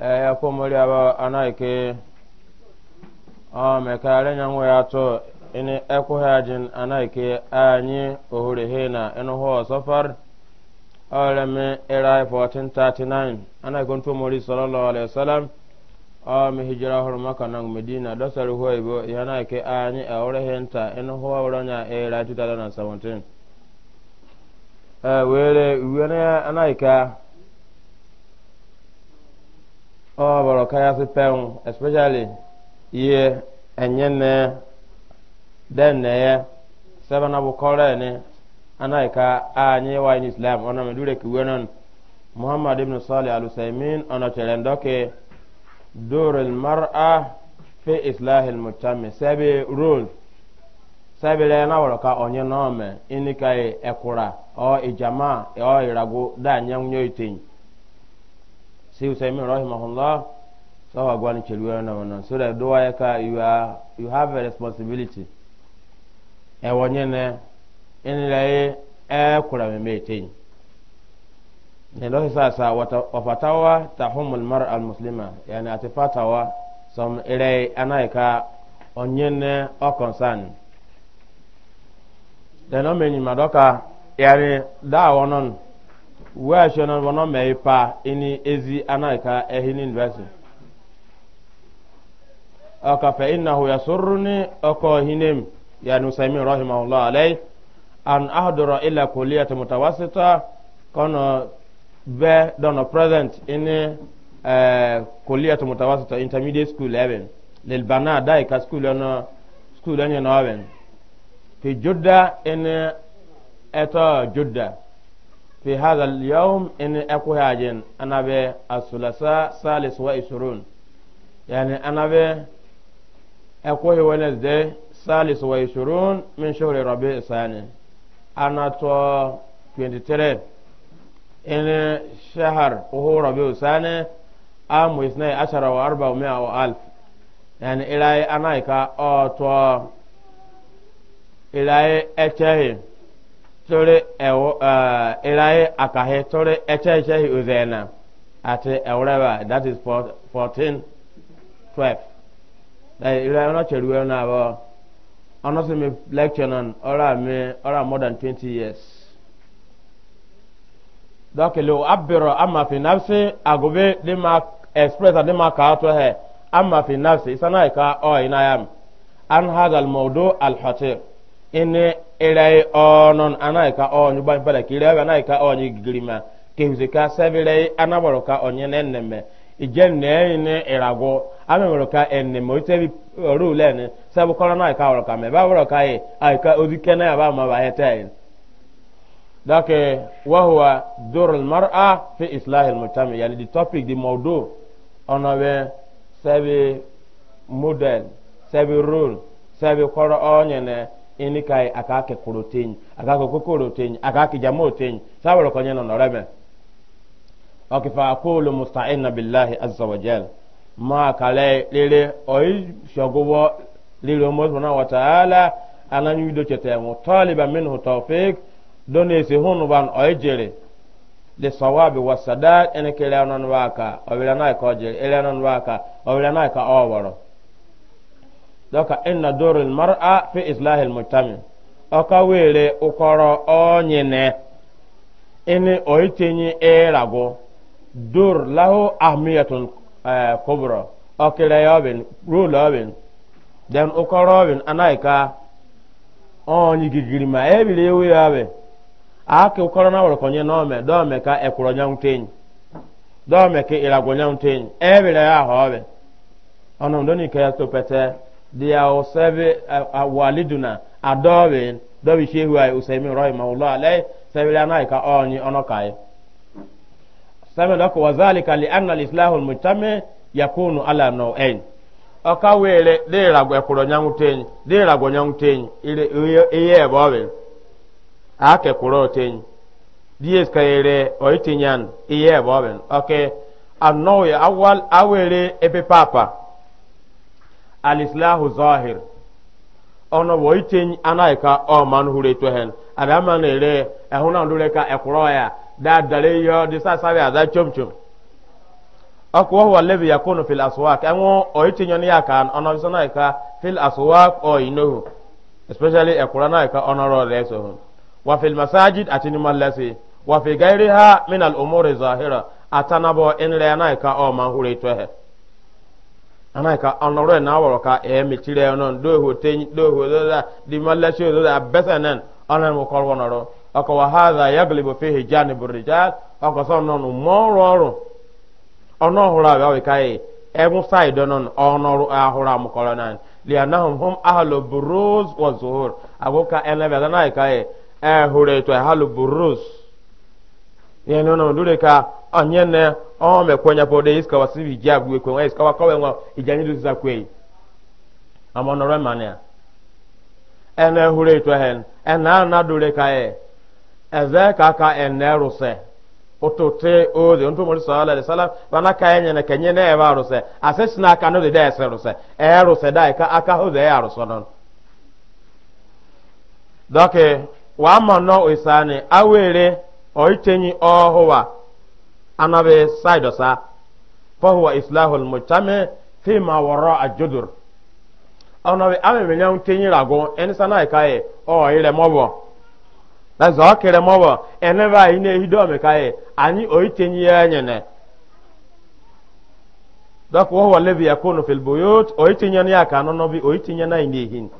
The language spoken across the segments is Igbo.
ya eh, komori aba anaike o mekare nyanwo ya to ini ekwuhajin anaike anyị ohurehe na inuhu safar ọrẹmi era 1439 ana ntu mori sallallahu alaihi o mi hijira maka na medina dosar huwa ibo ya anaike anyị e ohurehe nta inuhu ọrọnya era 2017 eh, were uwe anaike ọbọrọ kaya si pẹun especially ihe ẹnyẹ nẹ den nẹ yẹ sẹbẹn abu kọrẹ ni ana ka anyi wa in islam ọna mi dure kiwe muhammad ibn sali alusaimin ọ nọchere ndɔke dore mar'a fi islahi mutami sɛbi role sɛbi lɛ na wɔrɔ ka ɔnyɛ nɔɔmɛ ini ka ɛkura ɔ ijama ɔ irago da nyɛ nyɛ itenyi si usaimi rahimahullah so wa gwani chelwe na wana so that do ya ka you are you have a responsibility e wonye ne in lai e kura me metin ne lo sasa wata fatawa tahumul mar'a al muslima yani atifatawa som ire anaika onye ne o concern then o menyi madoka yani da wonon wɛɛhyɛ no wɔn mɛyi pa ɛni ezi anayika ɛhi ne nduasi ɔkafɛ inahu yasoro ne ɔkɔ hinem yanu sami rahimahullah alai an ahdoro ila koliyat mutawasita kɔnɔ bɛ dɔnɔ present ɛni ɛɛ eh, koliyat mutawasita intermediate school ɛbɛn lilbana daika school ɛnɔ school ɛnyɛ nɔɔbɛn fi jodda ɛni ɛtɔ eh, jodda. في هذا اليوم إن أكو هاجن أنا بي الثلاثاء سالس وإسرون يعني أنا بي أكو هونس دي سالس وإسرون من شهر ربيع الثاني أنا تو 23 إن شهر وهو ربيع الثاني عام اثني وأربع ومئة وألف يعني أنا إكا أو تو إلى أتهي sori ewo uh, eh, ilayi akahi sori eche echehi ati ewureba that is fourteen twelve like ilayi ọ̀nà chẹ̀rù wẹ̀ ọ̀nà àbọ̀ ọ̀nà me lecture more than twenty years. dọ́kìlì abirọ̀ amafi nafsi agobe di ma express adi ma kàá tó hẹ̀ amafi nafsi isanáyìí ká ọ̀ ìnáyàm Mawdu al alḥọ́tìr. ene irai onon anaika onyu ban pala kire anaika onyu gigirima keuze ka sabire anaboro ka onye nenneme ene amemoro ka enneme otebi oru lene sabu kola na ka oroka me ba oroka e aika odikene aba ma ba wa huwa mar'a fi islah al mujtama yani topic mawdu onawe model rule onye ne ini kai akake kurutin akake kukurutin akake jamutin sabro konye no norebe okifa aqulu musta'inna billahi azza wa jal ma kale lele shogowo lele mo wa ta'ala ananyu do chete mo minhu done se na ko jere ele waka na ka dɔka inna dorul mar'a fi islahil mujtami ɔka ụkọrọ ukɔrɔ ɔnyinɛ ini oyitinyi erago dur lahu ahmiyatun uh, e, kubra ɔkele yɔbin rule yɔbin den ukɔrɔ yɔbin anaika ɔnyi gigirima ebile ewu yɔbin ake ụkọrọ na wɔrɔ kɔnye nɔɔmɛ dɔɔmɛ ka ɛkurɔ nyawutenyi dɔɔmɛ ke erago nyawutenyi ebile yɔ ahɔɔbin ndị kɛyɛ ya pɛtɛ dia osebe uh, uh, waliduna adobe dobi shehu ay uh, usaimin rahimahullah alai sebele anai ka onyi onokai sebe doko wazalika li anna alislahu almujtami yakunu ala nawain ọka were dịra gwa ekwuru nyanwụ tenyi dịra gwa nyanwụ tenyi ihe ebe ọ bụ aka ekwuru otenyi dies ka ere oitinyan ihe ebe ọ bụ ọka anọghị awere ebe papa alislahu zahir ono wo iten anaika o man hure to adama na ere ehuna ndure ka ya da dare yo di sasa ya da chomchom ako lebi alladhi yakunu fil aswaq anwo o iten ya kan ono so ka fil aswaq o inohu especially masajid umuri zahira hure to ana ka na aworo ka e mitire non do ho te do ho da di malla shi do da besanan ana mo kor wonoro oko wa hadha yaglibu fihi janibur rijal so mo roro ono hura ga we kai e mu side mo kor nan li anahum hum ahlu buruz wa zuhur na kai e, e hure to e ahlu buruz ye no dure ka anyene ome kwenya pode iska wasibi jabu kwenwa iska wakawe ngwa ijanyidu za kwei amonore mania ene hure to hen ene na dure kae eze ka ka ene ruse otote oze ntu mori sallallahu alaihi wasallam bana kae nyene kenye ne eba ruse ases na aka no de ese ruse e ruse dai ka aka hoze ya ruse non doke wa manno isani awere oitenyi ohuwa ana be saido sa fa huwa islahu almujtami fi ma wara ajudur ana be ame me nyam tinyi rago en sana kai o ile mobo na zo kere mobo ene ba ine hido me kai ani o itinyi ya ne dak wa huwa alladhi yakunu fil buyut o itinyi ne aka no no bi o itinyi na ine hin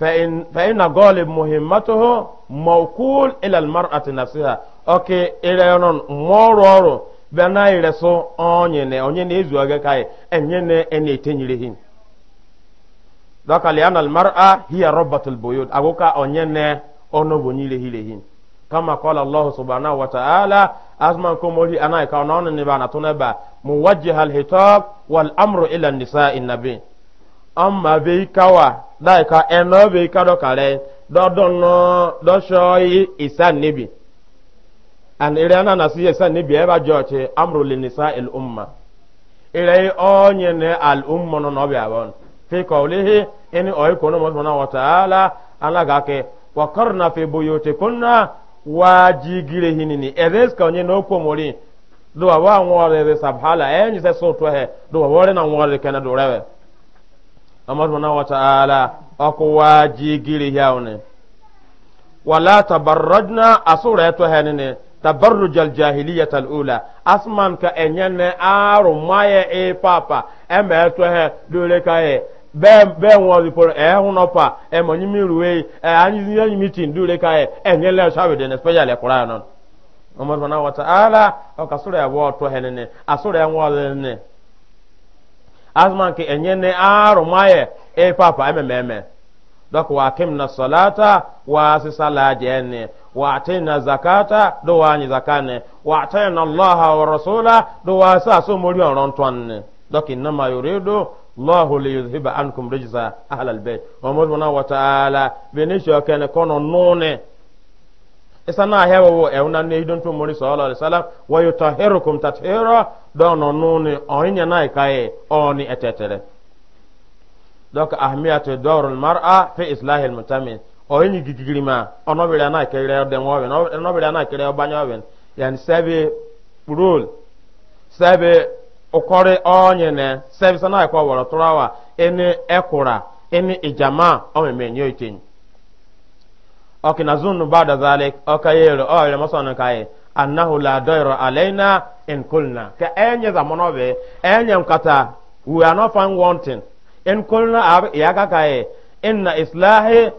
فإن, فإن غالب مهمته موكول إلى المرأة نفسها oke irenon mọrụ ọrụ bịa na iresụ onye na onye na ezu oge ka enye na ene etenyere hin dọkali ana almar'a hiya rabbatul buyut agoka onye na ono bonyire hire hin kama qala allah subhana wa ta'ala azman komori ana ka onon ne ba na tunaba muwajjih alhitab wal amru ila nisa'in nabi amma be kawa dai ka eno be ka dokare do no do shoyi isan nabi an ire ana na siye san ni biya ba joche amru lin nisa al umma ire onye ne al umma no no biya bon fi qawlihi in oy kono mo na wa taala ala ga ke wa qarna fi buyutikunna wa jigire hinini eres ka onye no ko mori do wa wa re sabhala e ni se so to he do wa re na wa re kana do rewe amadu na wa taala ako wa jigire yaune wala tabarrajna asura to henene تبرج الجاهلية الأولى أسمان كأنين آر ماي إي بابا أما أتوه دولك bẹ́ẹ̀ bẹ́ẹ̀ ka rí pọ̀rọ̀ ẹ̀ hún ọ̀pá ẹ̀ mọ̀ ní mìíràn wẹ̀ ẹ̀ anyinyin meeting dúró ká ẹ̀ ẹ̀ ní ẹlẹ́yìn ya dẹ̀ ní special ẹ̀kúrọ̀ àná. ọmọ tó náà wọ́n ta ala ọkà sọ̀rọ̀ ẹ̀ wọ́ ọ̀tọ̀ ẹ̀ nínú àsọ̀rọ̀ ẹ̀ wọ́n rẹ̀ nínú. asman kì ẹ̀yẹ ní àárọ̀ máyẹ̀ واتينا زكاة دواني زكاة واتينا الله ورسوله دوا ساسو مريون رنطوان دوك إنما يريد الله ليذهب عنكم رجز أهل البيت ومرمنا وتعالى بنشو كان كونو نوني isana hewa wo e una ne idon to mori sallallahu alaihi wasallam wa yutahhirukum tathira dono nuni oinya nai kai oni etetere donc ahmiyatu dawrul mar'a fi islahil mutamin oyin gidigiri ma ọnọbiri anakere ọdẹ wọn ọbẹ ọnọbiri anakere ọbanye ọbẹ yan sẹbi rol sẹbi ukọri ọnyi nẹ sẹbi sanaa ẹkọ wọrọ tọrọ wa ẹni ẹkura ẹni ìjàmá ọmọọmọ ẹnyẹ ọkyen ọkina zunu ba dazalik ọka yẹrọ ọyẹrẹ mọsán nìka yẹ anahu la dọyọrọ alẹyina nkolina ka ẹnyẹ zamọnọ bẹ enye nkata we are not found wanting nkolina yàgàkà yẹ ẹnna islahi.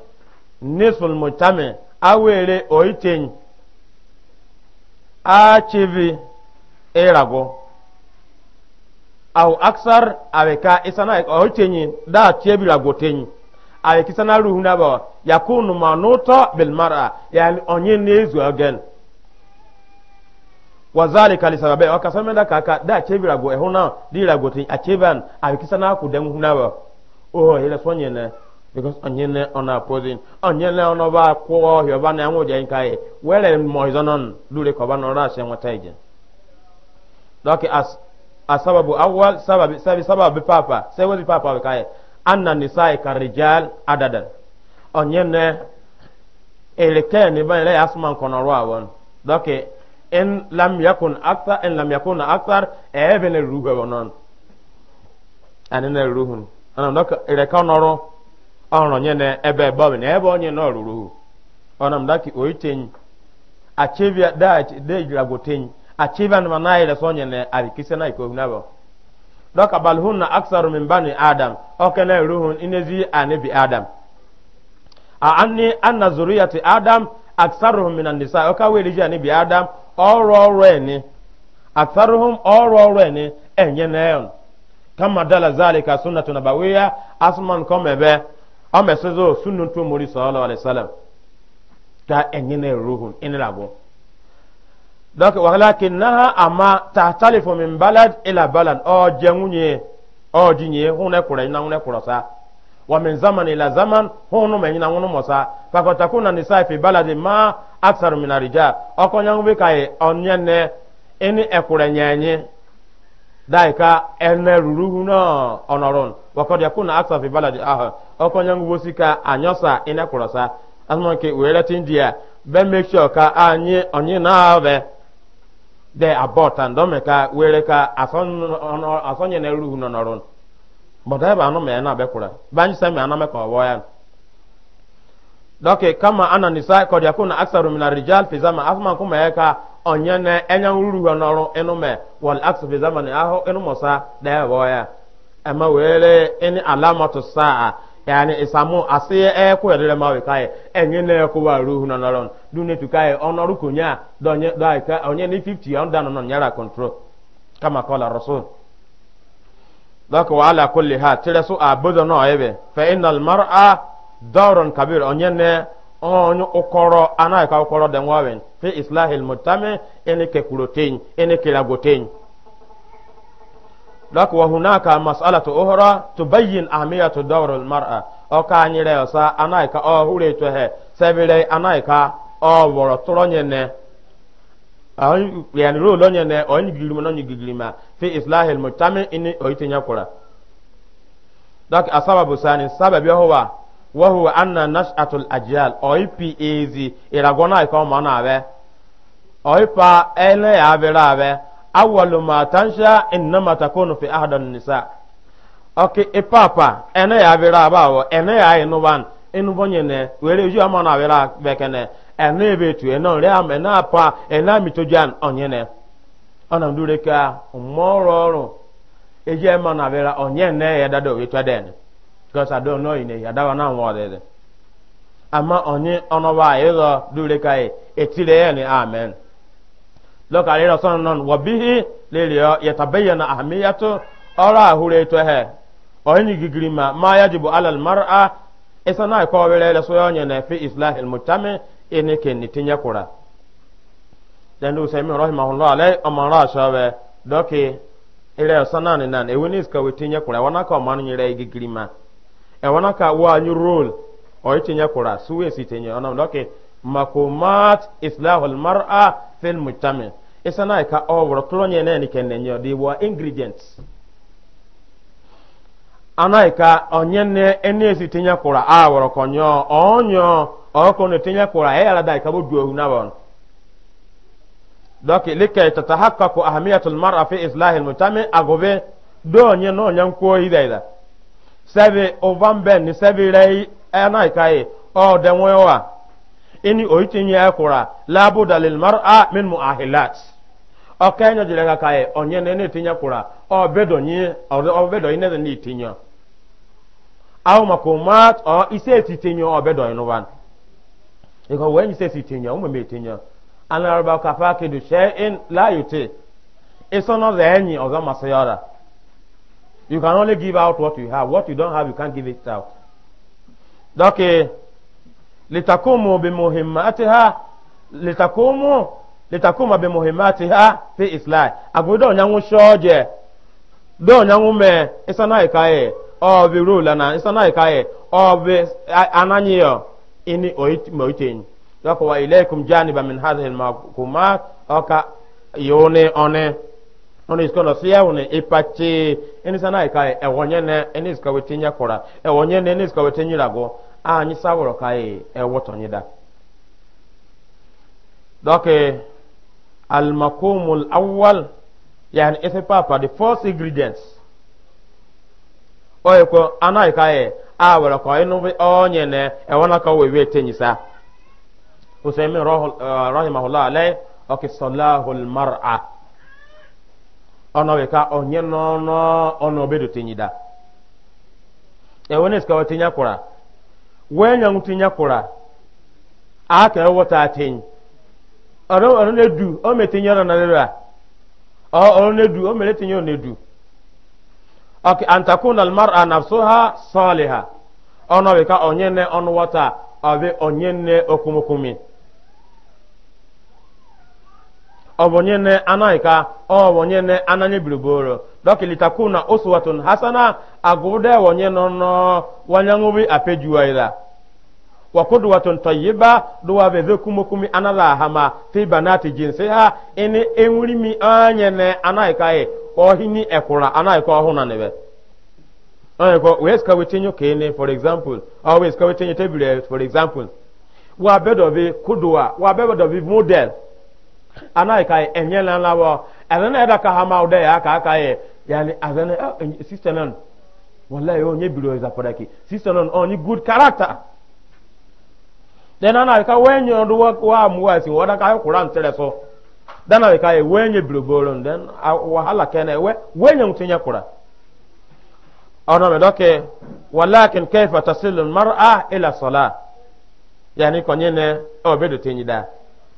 nisful mujtami awere oiteny achivi irago au aksar aweka isana oitenyi da chievi rago tenyi awekisana ruhu na ba yakunu manuto bil ya yani onye nezu again wazalika lisababe wakasamenda kaka da chievi rago ehuna di rago tenyi achivan awekisana kudengu na ba oh ile sonyene because onyele ona opposing onyele ona ba ohio ba na enwe nka e were mo izonon lure ko ba ije dọkị as asababu awwal sababi sabi sababu papa se papa ka e anna nisa'i karijal adadan onyene eleke ni ba ile asman kono ro awon dọkị in lam yakun akthar in lam yakun na e ọrọ nye na ebe bọbi na ebe onye nọ ruru ọnam daki oyi tenyi achibia da dejira go tenyi achibia na na ile so nye na abikise na iko na bo doka balhun na aksaru min adam oke na ruhun inezi anabi adam a anni anna zuriyati adam aksaruhum min an-nisa oka weli ji anabi adam ọrụ ọrụ eni aksaruhum ọrụ ọrụ eni enye na kama dala zalika sunnatu nabawiya asman komebe ɔmɛ sɔzɔ sunu tó mori sɔɔlɔ alayisalam ta ɛnyinɛ ruhun ɛnilago donc na ha ama ta fo min balad ila balad ọ jɛŋu nye ɔ ji nye hunɛ kura ina hunɛ kura sa wa min zaman ila zaman hunu mɛ ina hunu mɔsa fakotaku na nisa fi baladi ma aksaru min arija ɔkɔnyaŋu bi ka ye ɔnyɛnɛ ɛni ɛkura nyɛnye dayi ka ɛnɛ ruruhu nɔ ɔnɔrɔn. wakɔd na aksa fi baladi aha ɔkɔnyangu wosi ka anyɔsa ina kurɔsa asuma nke wɛrɛ ti a bɛ make sure ka a nye ɔnye naa bɛ dɛ abɔta ndɔmɛ ka wɛrɛ ka na ruhu nɔnɔrɔ bɔdɛ bɛ anu mɛ na bɛ kura banyi sɛ mɛ anamɛ kɔ wɔya kama ana nisa rijal fi zama na ɛnyangu ruhu ama wele ini alamatu saa yani isamu asiye e ko yadere ma we kai enye na ko wa ruhu na noron dune tu kai onoru kunya donye dai ka onye ni 50 on dano non yara control kama qala rasul dak wa ala kulli ha tiresu abudo no ebe fa innal mar'a dawrun kabir onye ne onye ukoro ana ka ukoro de nwawen fi islahil mutame ene ke kurotin ene ke لك وهناك مسألة أخرى تبين أهمية دور المرأة أو كان يرسى أنايك أو هوليته سبيلي أنايك أو ورطرنين يعني رولون ينه أو نجلما نجلما في إصلاح المجتمع إن أيتين يقرأ لك السبب الثاني السبب هو وهو أن نشأة الأجيال أو بي إيزي إلى غنايك أو منابه أو با إلي أبي awwalu ma tansha innama takunu fi ahdan nisa oke ipapa ene ya bira abawo ene ya inuban inubonye ne were uju ama na bira bekene ene ebetu ene re ama ene apa ene amitojan onye ne ona ndure ka umoro oro eje ma na bira onye ne ya dado wetwa den because i don't know ine ya dawa na nwa dede ama onye onoba ayo dure kai etire ya amen lɔka ale rɔsɔn nɔn wɔ bihi lele yɔ yɛtabɛ yɛn na ọrụ ɔrɔ ahure tɔ hɛ ɔyini gigiri ma maa yajibu alal mar'a isa na fi islahi mutami ene ke ni tinyɛ kura dɛnni usɛmi rahimahulɔ ale ɔmɔrɔ asɔbɛ dɔki ilẹ̀ ọ̀sánà nìna ewu ní ìsìkà wò tinyẹ kura ẹ̀wọ̀n aka anyi róòlù ọ̀yẹ́ kura ọ̀nà makomat islahul mar'a fil mujtami isana ka over klonye ne ni kenne nyo di wa ingredients ana ka onyenne enesi tinya kura aworo konyo onyo okono tinya kura e ala dai ka bo duohu na bon donc lika tatahaqqaqu ahamiyatul mar'a fi islahil mujtami agobe do onye no nyanko ida ida sabe ovamben ni sabe rei ana ka e o de wa ini oitinye dalil labuda lilmar'a min muahilat ọkanya jere ka kae onye na etinye kwụra obedonye obedo na na itinye aw makumat o ise titinye obedoyi nuwan iko wen ise titinye umu me tinye anarba ka fa ke du shay'in la yuti enyi zenyi ozo masayara you can only give out what you have what you don't have you can't give it out okay litakumu bimuhimmatiha litakumu litakuma bimuhimmatiha fi islahi agwido nyanwu shoje do nyanwu me isana ikaye obi rula na isana ikaye obi ananyiyo ini oitin yako wa ilaikum janiba min hadhihi almakumat oka yone one ono iskono siyawne ipachi ini sana ikaye ewonyene ini iskawetinya kora ewonyene ini iskawetinyirago a anyị sawụrụ ka anyị ewụtọnye da dọke almakomul awal ya ese papa the first ingredients oyeko anaghị ka anyị awụrụ ka ịnụ onye na ewona ka wee wee tenyisa usaimin eh, rahimahullah alai oke salahul mar'a ọnọwe ka onye n'ọnụ ọnụ obedo tenyida ewenes ka ọ tinye kwara wẽnga ŋu tɩ yã a ka e wota a tẽñ ɔrɔ ne du me tɩ yãra na lera ɔrɔ ne du ɔ me le tɩ yãra ne du ɔk ha takuna ka ọ nyɛ ne ɔnu wata ɔ be ọbọnye ne anaika ọbọnye ne ananye biliboro dọkịlịtakwu na osuwatun hasana agụde wonye nọ nọ wanyanwubi apejuwaira wakudwatun tayyiba duwa beze kumukumi anala hama fi banati jinsi ha ini enwurimi anye ne anaika e ohini ekwura anaika ọhụna nebe anaika wee skawe tinyo kene for example or wee skawe tinyo for example wa kuduwa kudwa model ana ka enye na na wo na da ka ha ma ude ya ka ka ye yani azana eh, sister nan wallahi o oh, nye biro nan oh, good character ana ka wenye ndo wa wa muwasi wa ka quran tere so then ana ka eh, wenye biro bolon then ah, wahala kene we wenye walakin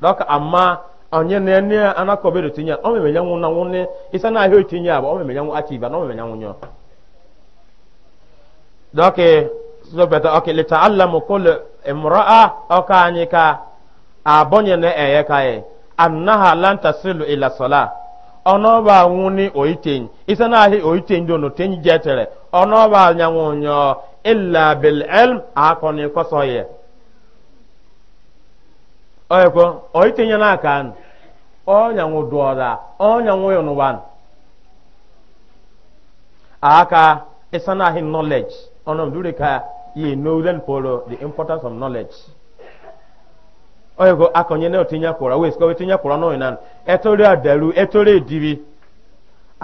ila ama. onye na ene anakọbe do tinya o meme nyanwu na nwune isa na ahio tinya aba o meme nyanwu achiba na o meme nyanwu nyo doke so beta oke li ta'allamu kullu imra'a oka anyi ka abonye na eye ka e annaha lan tasilu ila salah ono ba nwuni oiten isa na ahi oiten do no tenyi jetere ono ba nyanwu nyo illa bil ilm akoni ya. oyeko oitinye n'aka anụ onyanwụ duọda onyanwụ yonuwan aka isanahi knowledge ọnọm duri ka ye nozen polo the importance of knowledge oyeko akọnye na otinye kwụra wee sikọwa etinye kwụra n'oyi nan etori adaru etori ediri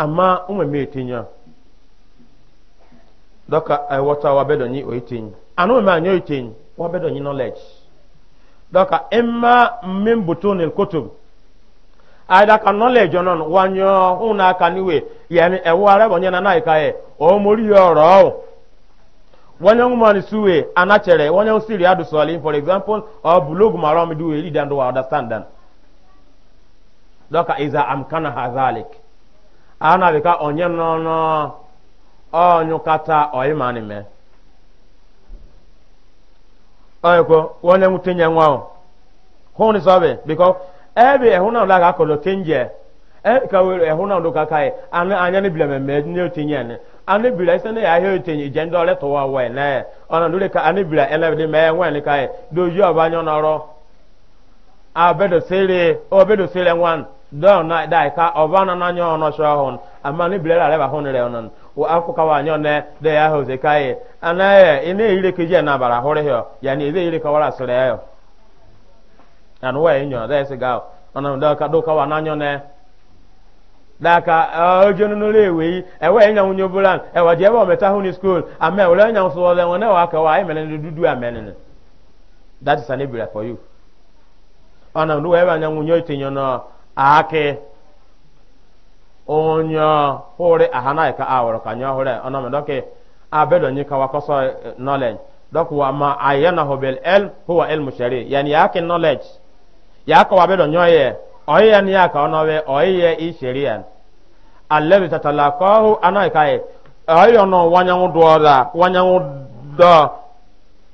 ama ụmụ umeme etinye dọka ewọta wabedonyi oitinye anụ mmemme anya oitinye wabedonyi knowledge dɔka imma min butunil kutub aida ka knowledge non wanyo huna kaniwe yemi ewo are bonye na naika e o oh, mori yoro oh, oh. wanyo ngumani suwe anachere wanyo siri adu soli for example o blog maram duwe ili dando wa understand dan doka iza amkana hadhalik ana ah, bika onye nono onyo kata oimani me ọyọkọ wọn lẹmu tẹnyẹ nwa o hóun sọbẹ bíkọ ẹ bi ẹhún náà lọ akọlọ tẹnjẹ ẹ kàwé ẹhún náà lọ kàkà yẹ àná ni mẹmẹ àná ẹsẹ ní ndọ́ náà ọ̀nà lórí ka àná bilẹ ẹlẹ́bi mẹ ẹ̀wọ̀n ẹni ká yẹ dojú ọba yọ̀nà ọrọ̀ abẹ́dọ̀ sẹ́rẹ̀ ọbẹ̀dọ̀ sẹ́rẹ̀ wọn dọ́ọ̀ náà dáìka ọba náà náà yọ̀ wa akuka wa nyone de ya ji na bara hore ya yani ebe ile ka wala sere yo anu wa enyo da ese ga ona ndo ka wa na nyone da ka ojo nu le we e wa enya unyo bulan e ebe je ba meta hu ni school ame o le nya so wa le dudu amene that is an for you onye hore ahana ka awro ka nyo ọhụrụ ono me doke abedo nyi ka wakoso knowledge dok wa ma na hobel el el huwa ilmu shari yani yake knowledge yako wabedo nyoye oye ni yaka onowe oye i sharia alladhi tatalaqahu anaika e ayo no wanyangu doda wanyangu do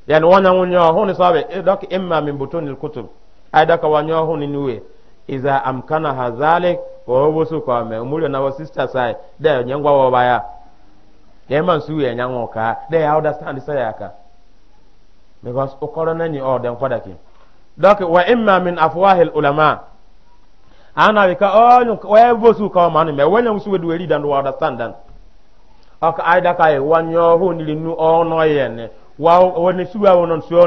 yani wanyangu nyo huni sabe eh, dok ịma mbutu n'ikutu kutub aidaka wanyo huni niwe iza amkana hadhalik owo so ọ me umuri na our sister sai de nye ngwa wo ya de man nsu ya understand aka because okoro na ni ọ oh, dị nkwada ki donc wa imma min afwahil ulama a na onyu oh, we bosu ka ma wedu eri dan ka ne wa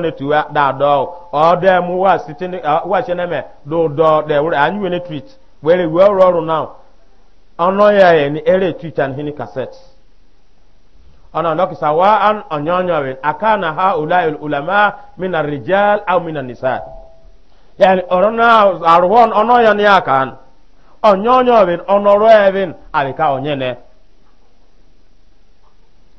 ne da do o oh, de mu wa sitin ah, wa were iwe ọrụ ọrụ na ọnụ ya ya na ere twitter hini Ọ na ndọkịta wa an ọnyọnyọrị aka na ha ulayi ulama mina rijal au mina nisa yani ọrụ na arụwọ ọnụ ya na ni aka ọnyọnyọrị ọnọrọ ya bin abika onye ne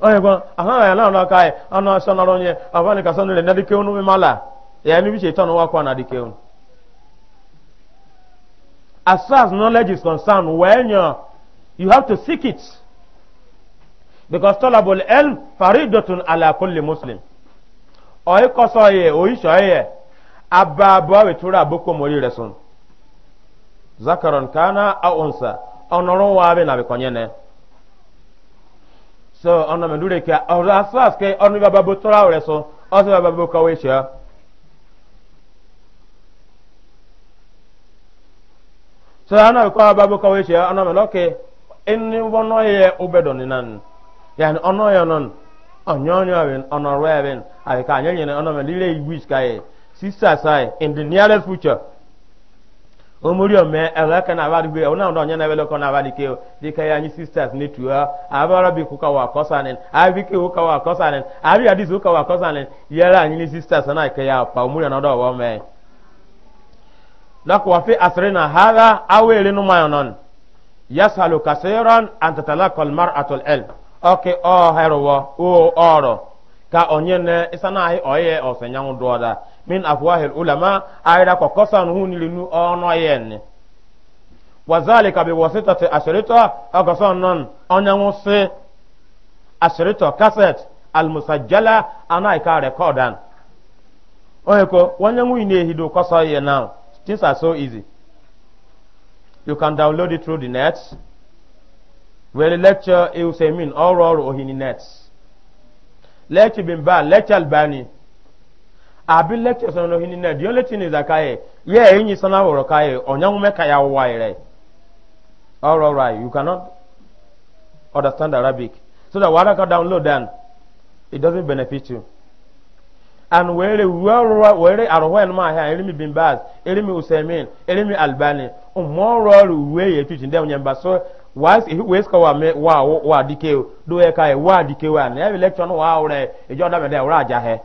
onye gwa ahụ ya na ọnụ aka ya ọnụ na ọrụ onye ọbụla ka sọ nile na dike unu mala ya ni bi ce tọnụ wakwa na dike unu as far as knowledge is concerned, when you, you have to seek it. Because tolerable elm faridotun ala kulli Muslim. Oyi koso ye, oyi sho ye, abba abba we tura boko mori resun. Zakaron kana a unsa, onoron wa abi na bi konyene. So, ono mendure ke, as far as ke, ono baba bo tura resun, osi baba bo kawe sho. so ana ko babu kawai shi ana me loke in ni wono ye ubedo ni nan yani ono ye non onyonyo awen ono rewen ai ka nyenye ne ono me lile wish kai sister sai in the near future omori ome eleka na abali gbe ona ndo nyana wele ko na abali ke dị ka ya anyị sistas na ne tuwa abara ah, bi kuka wa kosanen abi ke kuka wa kosanen abi adi zuka wa kosanen yara anyi sisters na ke ya pa omori na do wa me dako wa fi asrina hadha awere no mayonon yasalu kaseeran an tatalaqa al mar'atu al ilm okay o hero wo o oro ka onyene isana hi oye osenyangu doda min afwahil ulama ayra ko kosan hunilinu ono yen Wazali bi wasitati ashrita akasan non onyangu se ashrita cassette al musajjala ana ka recordan oyeko wanyangu ine hido kosoye now Things are so easy. You can download it through the net. Where lecture you say mean all or ohini net. Lecture been banned, lecture albani. I've been lectures on ohini net. The only thing is that I yeah, any son or Rokaye, on young Mekaya wire. All right, you cannot understand Arabic. So that what I can download then, it doesn't benefit you. and were ruwa were arwen ma ha elimi bin baz elimi usaimin elimi albani mo ro ruwe ye tuti ndem nyamba so was we ska wa me wa wa dike do e kai wa dike wa na e lecture no wa ore e jo da me de ora aja he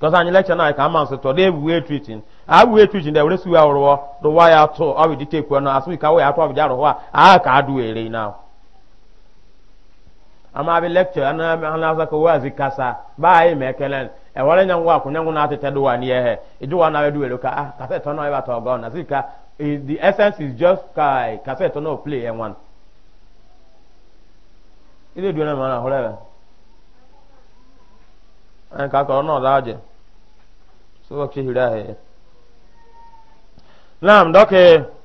cuz an lecture na ka man so to de we treating a we treating de we su wa ro do wa ya to o we dike ko no asu ka we ato abi a ka do ere now ama bi lecture ana ana za ko wazi kasa ba yi me kelen e wala nyangu aku nyangu na tete do ani ehe idu wa na we duwe ka ah kasa to no e ba to go na zika the essence is just kai kasa to no play e wan ile do na ma na hola ba an ka ko no da je so wa ki hira he nam doke okay.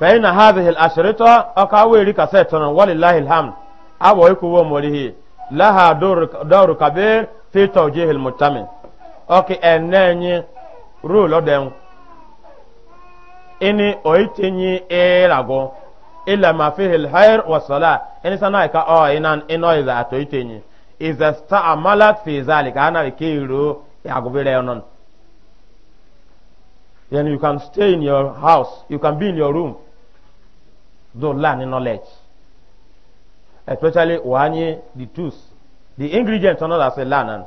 فإن هذه الأشرطة أكاوي ريكا سيتنا ولله الحمد أبو يكو وموليه لها دور, دور كبير في توجيه المجتمع أوكي أنني رولو دين إني أويتني إيلاغو إلا ما فيه الخير والصلاة إني سنعيك أو إنان إنو إذا أتويتني إذا استعملت في ذلك أنا بكيرو يعقوب يعني you can stay in your house you can be in your room do learn knowledge especially wanye the tools the ingredients ono as a learn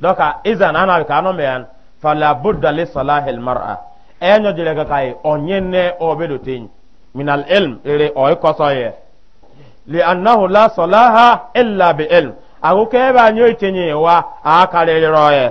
doka izan ana ka ano me an fala budda li salahil mar'a enyo jere ka kai onyenne obedo tin min al ilm ere o ikoso ye li annahu la salaha illa bi ilm ago ke ba nyo wa akare ro ye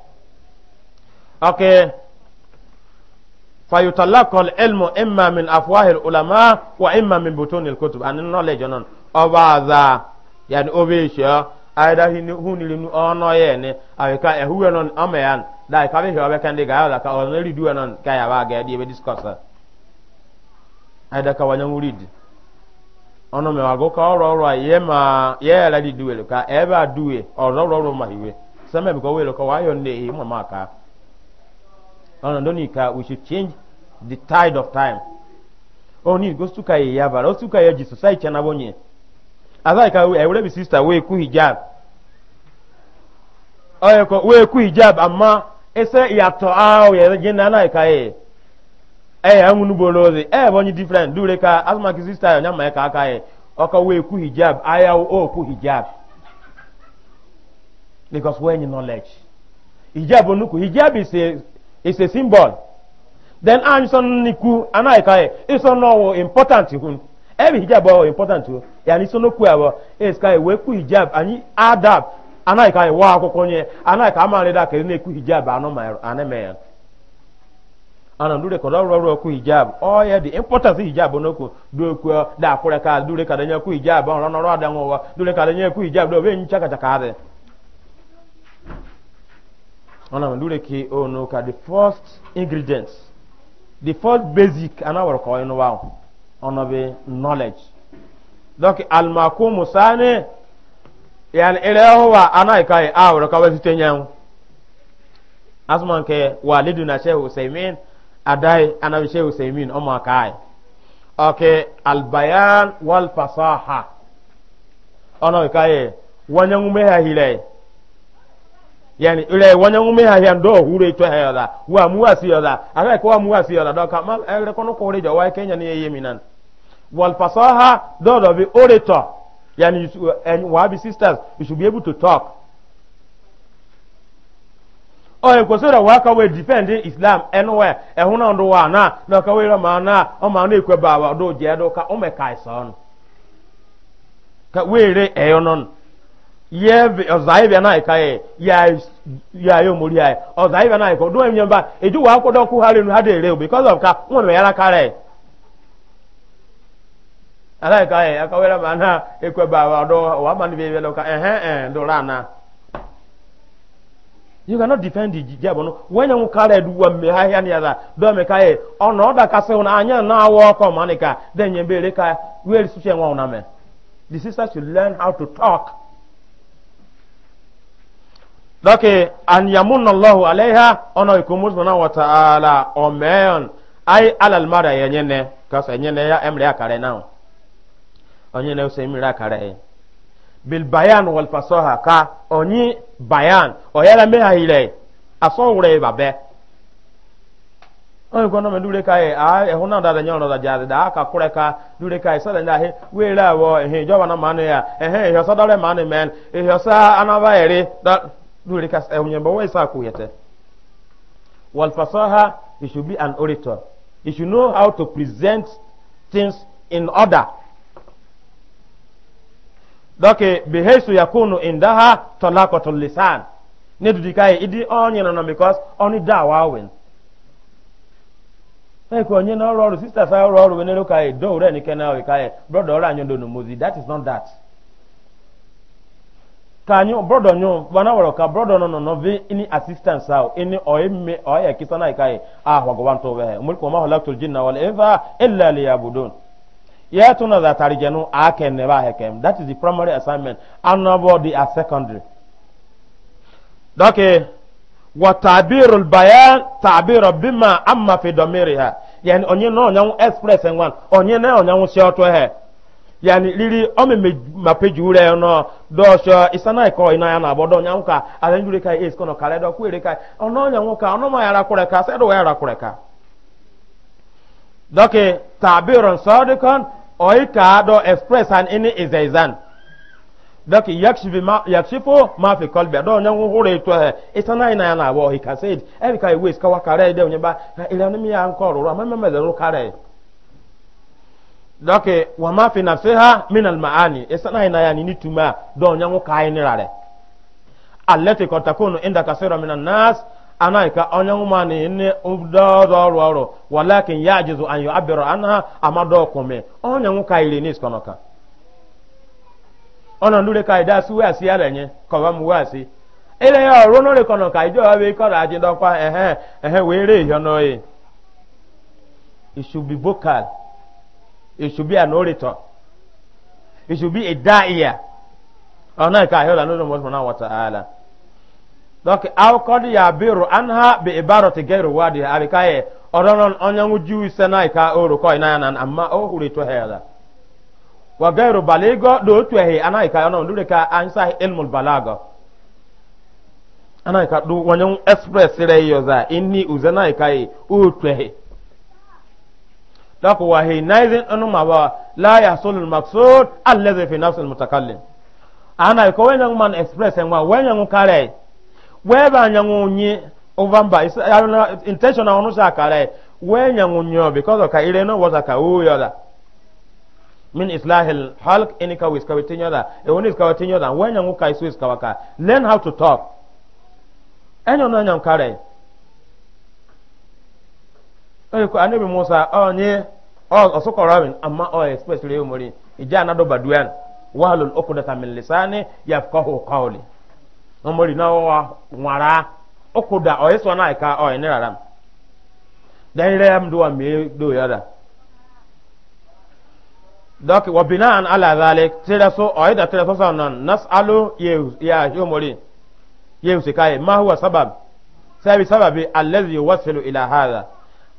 okay fayutalakol ilmu imma min afwahil ulama wa imma min butunil kutub and knowledge non obaza yani obesha aida hunili nu ono yene aweka ehuwe non ameyan dai kabe hewa kandi ga ala ka duwe non ka ya di be discuss aida ka muridi ono me wago ka oro oro di duwe eba duwe oro oro mahiwe ọ̀nà ni ka we should change the tide of time oni oh, go suka ye ya bara suka ye ji society na bonye azai ka we ewure bi sister we ku hijab oye oh, ko we ku hijab amma ese yàtọ̀ ahu ya ah, jẹ nana ka ye eh yẹ ń bolo ẹ ẹ bọ different different dure ka asumaki sister yẹ eka ẹ ka ka ye oh, ka we ku hijab ayawo o ku hijab because we need knowledge hijab onuku hijab is a It's a symbol. Then anyị ah, sọ n'iku anaghị ịsọ n'ọwụ important hụ ebe hijab ọwụ important hụ ya na ịsọ n'okwu abụọ ịsị ku hijab anyị adab anaghị ka wa akwụkwọ nye anaghị ka da na-ekwu hijab anụmanụ ana ndure ko rawra ro ku hijab o ya di importance hijab no ko do da kure ka ka da nya ku hijab ro ro ka hijab do be nchaka chaka ana ndure ki ono oh ka the first ingredients the first basic ana war ko ino wa ono be knowledge donc al makum yan yani ile huwa ana kai awro ka wasi tenyan asman ke waliduna shehu usaimin adai ana shehu usaimin o ma kai okay albayan bayan wal fasaha ono kai wanyangume ha hilai yani ule wanya ngume ha ya ndo hure to ha yala wa muwa si yala ara ko muwa si yala doka mal ere kono ko rejo wa kenya ni yeye minan wal fasaha do do eh, bi orator yani sisters you should be able to talk kwesịrị ka wee islam enwe eh, ndụ wa na ọka wee ma na na ji ka o ka wee re eyo eh, ye ọzaibe na ka ye ya do enye ba eju wa ko do ku hare nu ha de because of ka won me yara kare ala ka ye e, ma na ekwe ba wa ka eh, do rana you cannot defend the jabo no when you kare du wa me ha ya ni do me ka e, ye ona oda ka na na awo ko manika then ka na the dɔke an yamunna allahu alaiha ɔnɔ ikumus mana wa ta'ala ɔmɛɛn ayi alal mara yɛ nyɛnɛ kasa nyɛnɛ ya ɛmrɛ akara na ɔnyɛnɛ sɛ ɛmrɛ akara yɛ bil bayan ka ɔnyi bayan ɔyɛlɛ mɛ ayirɛ asɔwurɛ ba bɛ ɔyɛ kɔnɔ mɛ dure ka yɛ a ɛhun na da da nyɛ ɔnɔ da jaade da aka kurɛ ka dure ka yɛ sɛlɛ ndahe wɛrɛ awɔ ɛhɛn jɔba na maa ni ya ɛhɛn ihɔsɔ dɔrɛ maa ni mɛn ihɔsɔ anaba yɛri dɔ dure kas e unyen bo waisa ku yete wal fasaha you should be an orator you should know how to present things in order doke bihesu yakunu indaha talaqatul lisan ne du dikai idi onye no because oni da wa win e ko onye no ro ro sister sa ro ro we ne lo kai do re ni kenawe kai brother ora anyo do no mozi that is not that ka anyị brodo nyo bana waro ka brodo no no vi ini assistance ao ini oime oya na ikai ah wago wanto we mul ko ma halaktul jinna wal insa illa liyabudun ya tu tuna za tarjenu aken ne ba hekem that is the primary assignment another the secondary doke wa tabirul bayan tabira bima amma fi damiriha yani onye no nyawo express en wan onye na onyawo si oto he yani lili ome me mapeji ure ono dosho isana iko ina ya na bodo nya nka alenjure kai es kono kale do kwere kai ono nya nka ono ma yara kure ka se do yara kure ka doke tabiron sadikon oi ka do express an ini izaizan doke yakshifu ma yakshifu ma fi kolbe do nya ngu hure to he isana ina ya na bo hi ka said e ka wes ka wa kare de onyeba ila ni mi ya nko ro ma me me zero kare dɔke wama fi nafsiha min almaani isana ina yani ni tuma don nyangu kai ni rare allati qad takunu inda kasira min annas ana ka onyangu mani ni ubdo do roro walakin yajizu an yu'abbiru anha ama do kome onyangu kai ni iskonoka ona ndure kai da suwe asiya renye ko wa mu wasi ile ya ro no re kono kai jo we ko raji do kwa ehe ehe we re hyo no e it should be vocal it should be an orator it should be a da'iya ọ̀nà ìka àhẹ́wò lànà ìdánwò subhanahu wa ta'ala donc awokɔdi yà biro anha bi ibaro ti gɛri wadi abika yɛ ɔdɔnɔn ɔnyanwu jiwu sɛnɛ ika ooro kɔ ina yanan amma o huri to hɛ la wa gɛri baligɔ do tu hɛ ana ika ɔnɔn lori ka ansa ilmul balagɔ ana ika do wɔnyanwu express rɛ yɔ za inni uzana ika yɛ o tu hɛ dako wa hinayzin anu ma ba la yahsulul maqsud allazi fi nafsil mutakallim ana ko wenya man express enwa wenya ngu kare weba nyangu nyi ovamba intentional onu sa kare wenya ngu nyo because ka ile no was ka uyo da min islahil halq inika wiska wetinyo da e woni iska wetinyo da wenya ngu kai su iska waka learn how to talk enyo no nyam kare ko anabi musa onye osukọrọ min amma o express re umuri ija na do baduan wahlul uqdata min lisani yafqahu qawli umuri na wa nwara okuda o yeso na ka o ni raram dan re am do me do yada donc wa ala o ida sanan nasalu ya umuri ma huwa sabab sabi sababi yuwasilu ila hadha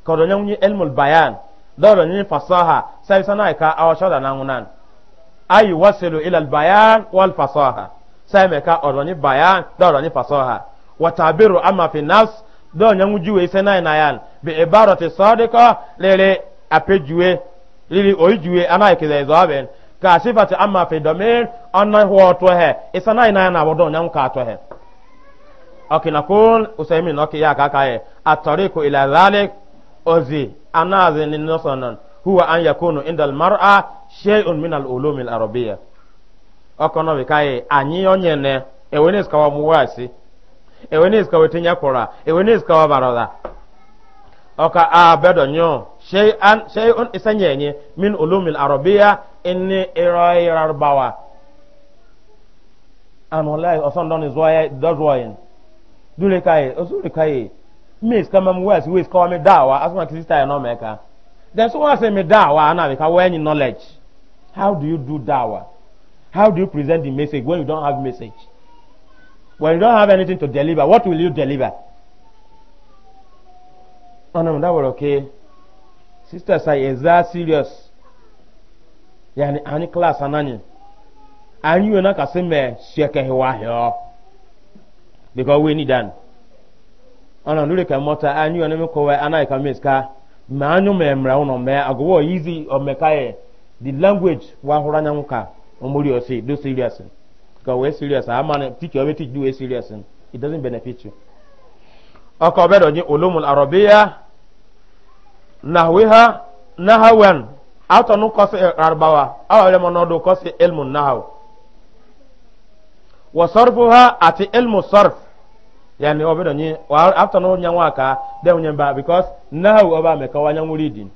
kɔdɔ nyɛ ŋunyi ilmul bayan dɔwɔdɔ nyɛ fasaha sɛbi sanayi ka awɔ sɔda na ŋunan ayi wasilu ilal bayan wal fasaha sɛbi ka ɔdɔ nyɛ bayan dɔwɔdɔ nyɛ fasaha watabiru ama fi nafs dɔw nyɛ ŋujuwe sɛnayi na yan bi ibaro ti sɔɔdikɔ lele apejuwe lili oyijuwe anayi kizɛ zɔɔbɛn kaa sifati ama fi dɔmir ɔna hɔɔtɔ hɛ isanayi na yan na wɔ nyɛ ŋu kaa tɔ hɛ ɔkinakun usaimin ɔkiya kaka yɛ e. atɔriku ila zalik ozi anazi ni nosonon huwa an yakunu inda almar'a shay'un min al-ulum al-arabiyya okono bi kai anyi onyene ewenes kawa muwasi ewenes kawa tinya kora kawa baroda oka a bedo nyo shay'an shay'un isanyenye min ulum al-arabiyya inni irai rarbawa an wallahi osondon is why dule kai osule kai miss kama mu west west kawa mi dawa asuma ti sister no meka then so wa say mi dawa na ka when knowledge how do you do dawa how do you present the message when you don't have message when you don't have anything to deliver what will you deliver ana mu dawa okay sister say is that serious yani ani class anani ani we na ka se me sheke hewa he because we need that ana nure ka mota anyu ne me kowa ana ka miska ma anyu me mra uno me agwo easy o me kae the language wa horanya nka omuri osi do serious ka we serious amane teach you teach do serious it doesn't benefit you aka obedo ni ulumul arabiya nahwiha nahawan ato nu kosi arbawa awale mo nodo kosi ilmun nahaw wa sarfuha ati ilmu sarf yani obe do nyi after no nya nwa aka then onye ba because now oba me ka wanya nwuri din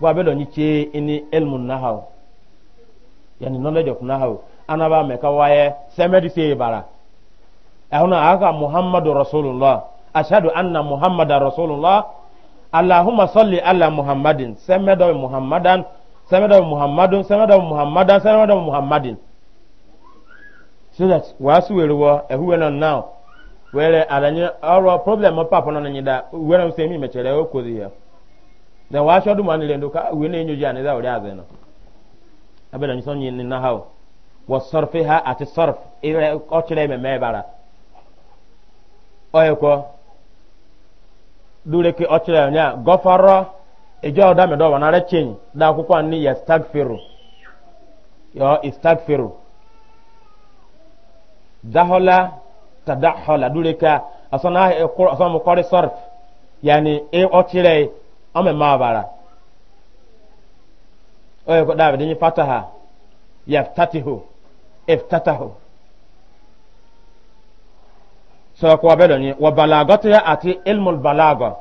wa be do nyi che ini ilmu nahaw yani knowledge of nahaw anaba me ka waye semedi se bara ehuna aka muhammadu rasulullah ashhadu anna muhammadar rasulullah allahumma salli ala muhammadin semedo muhammadan semedo muhammadun semedo muhammadan semedo muhammadin so that wasu were wo uh, ehu we not now were alanye uh, uh, oro problem o papa non nyida were nse me mechere o kozi ya na wa shodu man le ndoka we na enyoji ani da ori azen no abela nyi sonyi ni na hawo wa sarfiha at sarf ire o chere me mebara oyeko oh, dure ke o chere nya gofaro ejo da me do wa na re chin da akwukwa ni yastagfiru yo istagfiru dahola tadahola duleka asana asana mukori sarf yani e otire ame mabara o ko david ni fataha yaftatihu iftatahu so ko abelo ni wa balagati ati ilmul balaga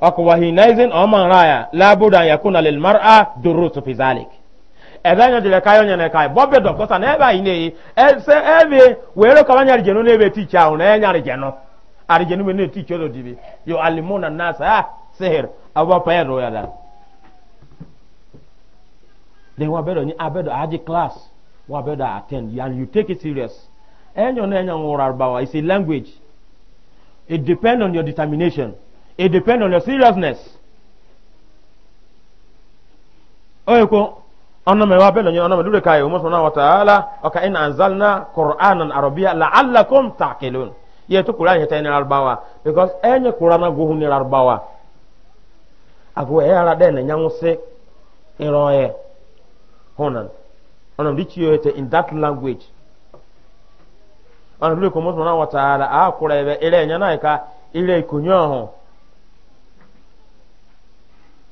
ako wahinaizen o man raya labuda yakuna lil mar'a durusu fi zalik ebe nya jere kai onye na kai bobe do kosa na ebe na eyi ese ebe were ka wanya jenu na ebe ticha ahụ na enya jenu ari jenu me na ticha do dibi yo na nasa ah sihir aba pa ya do ya da they were ni abedo aji class wa better attend and you take it serious enyo na enyo ngora bawa is a language it depends on your determination it depends on your seriousness oyeko ono me wabelo nyi ono me dure kai subhanahu wa ta'ala oka in anzalna qur'anan arabiyya la'allakum ta'qilun ye to qur'an ye tayni arbawa because enye qur'ana go huni arbawa ago e ara de na nyanwuse iroye honan ono di chiyo te in that language ono dure ko umo subhanahu wa ta'ala a qur'ebe ebe nyana ka ile ikunyo ho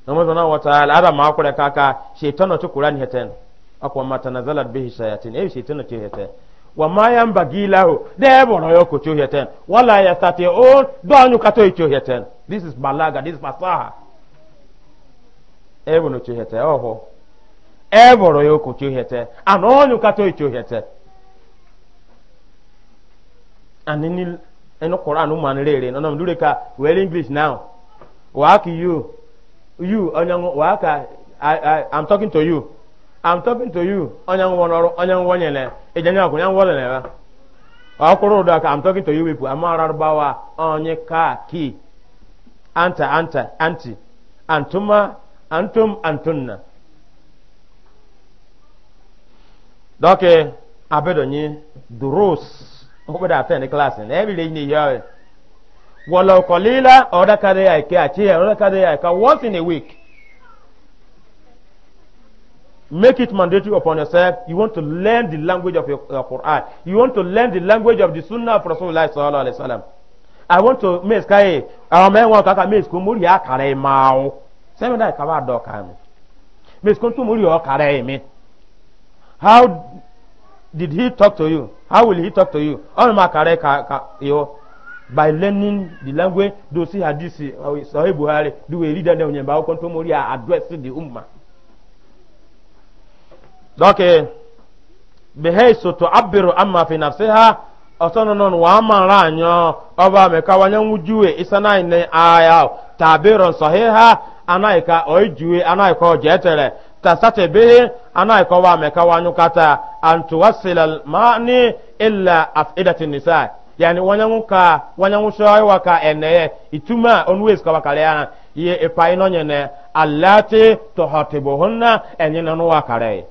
namazana wataala ada ma kure kaka shaitano tu qur'an heten akwa matanazalat bihi shayatin e shaitano tu heten wa ma yambagi lahu de bono yoko tu heten wala yastati'un oh, donu kato this is balaga this is fasaha e bono tu oho e bono yoko tu heten anonu kato tu heten anini eno ka well english now you you onyanwụ waa ka am talking to you am talking to you onyanwụ wọnọrọ onyanwụ wọnyere ịjanye ọkụ onyanwụ wọnyere ya ọkwụrụ ụdọ ka I'm talking to you wepụ amararụbawa onye ka ki anta anta anti antuma antum antunna dọkị abedonye duros okpede atend klaasị na ebe ihe ihe ọrịa walau qalila order kare ya ke achi order kare ya ka once in a week make it mandatory upon yourself you want to learn the language of your, your quran you want to learn the language of the sunnah of rasulullah sallallahu alaihi wasallam i want to make sky àwọn mẹ́rin wọn kàkà mẹ́rin kò mórí àkàrà ẹ̀ máa o sẹ́mi náà kàwá dọ̀ọ̀kà mi mẹ́rin kò tún mórí ọ̀kàrà ẹ̀ mi how did he talk to you how will he talk to you ọ̀run máa kàrà ẹ̀ kà yọ. by learning the language do si hadisi sahih buhari do we read them nyamba akwụkwọ ntomori a address the umma dọkị behe soto abiru amma fi nafsiha ọtọnụnọn wa ama nra anyọ ọba mekawanye nwujuwe isanai ne aya tabiron sahiha anaika oijuwe anaika ojetere tasate bihi anaika wa mekawanye kata antuwasila ma'ani illa afidati nisa'i yani wanyangu ka wanyangu shoy ka ene ituma onwes ka wakale ana ye epai no nyene allati tuhatibuhunna enye no wakare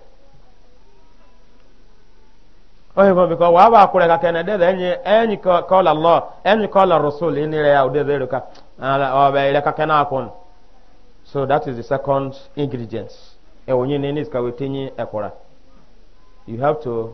oye bo biko wa ba kure ka kene de de enye enye ka kala allah enye kala rasul ini re ya de de ka ala o be ile ka kena akon so that is the second ingredient e wonye ne ni ka wetinyi ekora you have to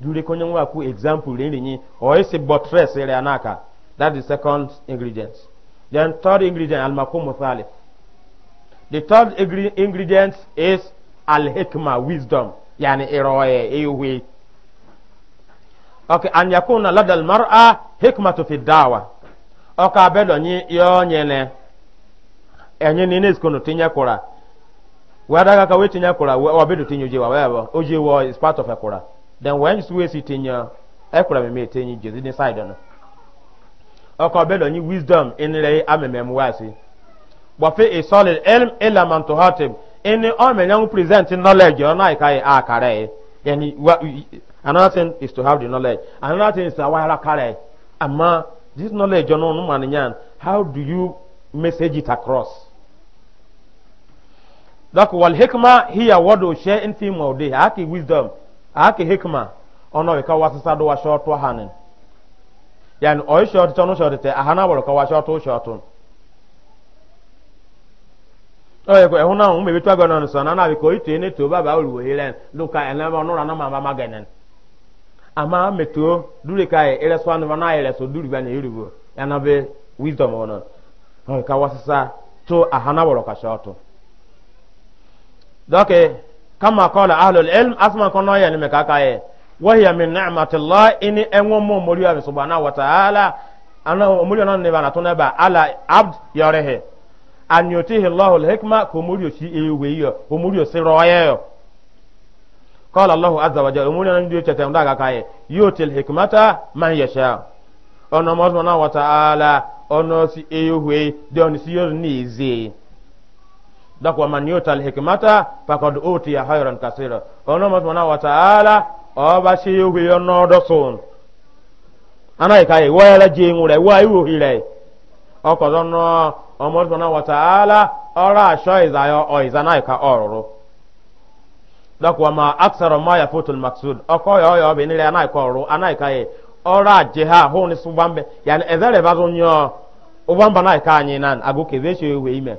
dure ko nyanwa ku example le nyi o ese buttress ele anaka that is second ingredient The third ingredient al makum the third ingredient is al wisdom yani iroye eyuwe okay an yakuna lada al mar'a hikmatu fi dawa oka bedo nyi yo nyene enye ni ne skono tinya kura wadaga ka we tinya kura wabedo tinyo jewa wewe ojewo is part of a kura then when su esi tinya ekura me me tenyi jezi ni side no oko be lo ni wisdom in re amemem wasi bo fe a solid ilm ila to hatib in o me nyang present knowledge ona ikai akare yani another thing is to have the knowledge another thing is to awara kare amma this knowledge ono no man nyan how do you message it across ذاك والحكمة هي وضع شيء في موضعه هاكي wisdom ake hikma ono ka wasasa do washo to hanin yani oy short tono short te ahana bol ka washo to short oye ko ehuna un be bitwa gona so na na bi ko ite ne to baba oluwo hilen luka ene ba nura na mama magenen ama meto dure ka ele so anu na ele so dure ba ne yurugo yana be wisdom ono oy ka wasasa to ahana bol ka short doke kama kola ahlul ilm asma kono ya ni mekaka ye wahiya min ni'matillah ini enwo mo mori ya subhanahu wa ta'ala ana omori ona ne na tona ba ala abd yarehe an yutihi hikma ko mori o si ewe yo ko mori o si roye dakwa man yuta alhikmata fakad utiya hayran kasira ono mo subhanahu wa ta'ala e e o ba shi yugo yono do sun ana kai wala jingu re wa yu hile o ko donno o mo subhanahu wa ta'ala ora sho izayo e o izana ka oruru dako ma aksara ma yafutu almaqsud o ko yo yo be ni re ana ko ru ana kai ora jeha hu ni subambe yani ezere bazunyo ubamba na ka anyi nan agukezeshe we ime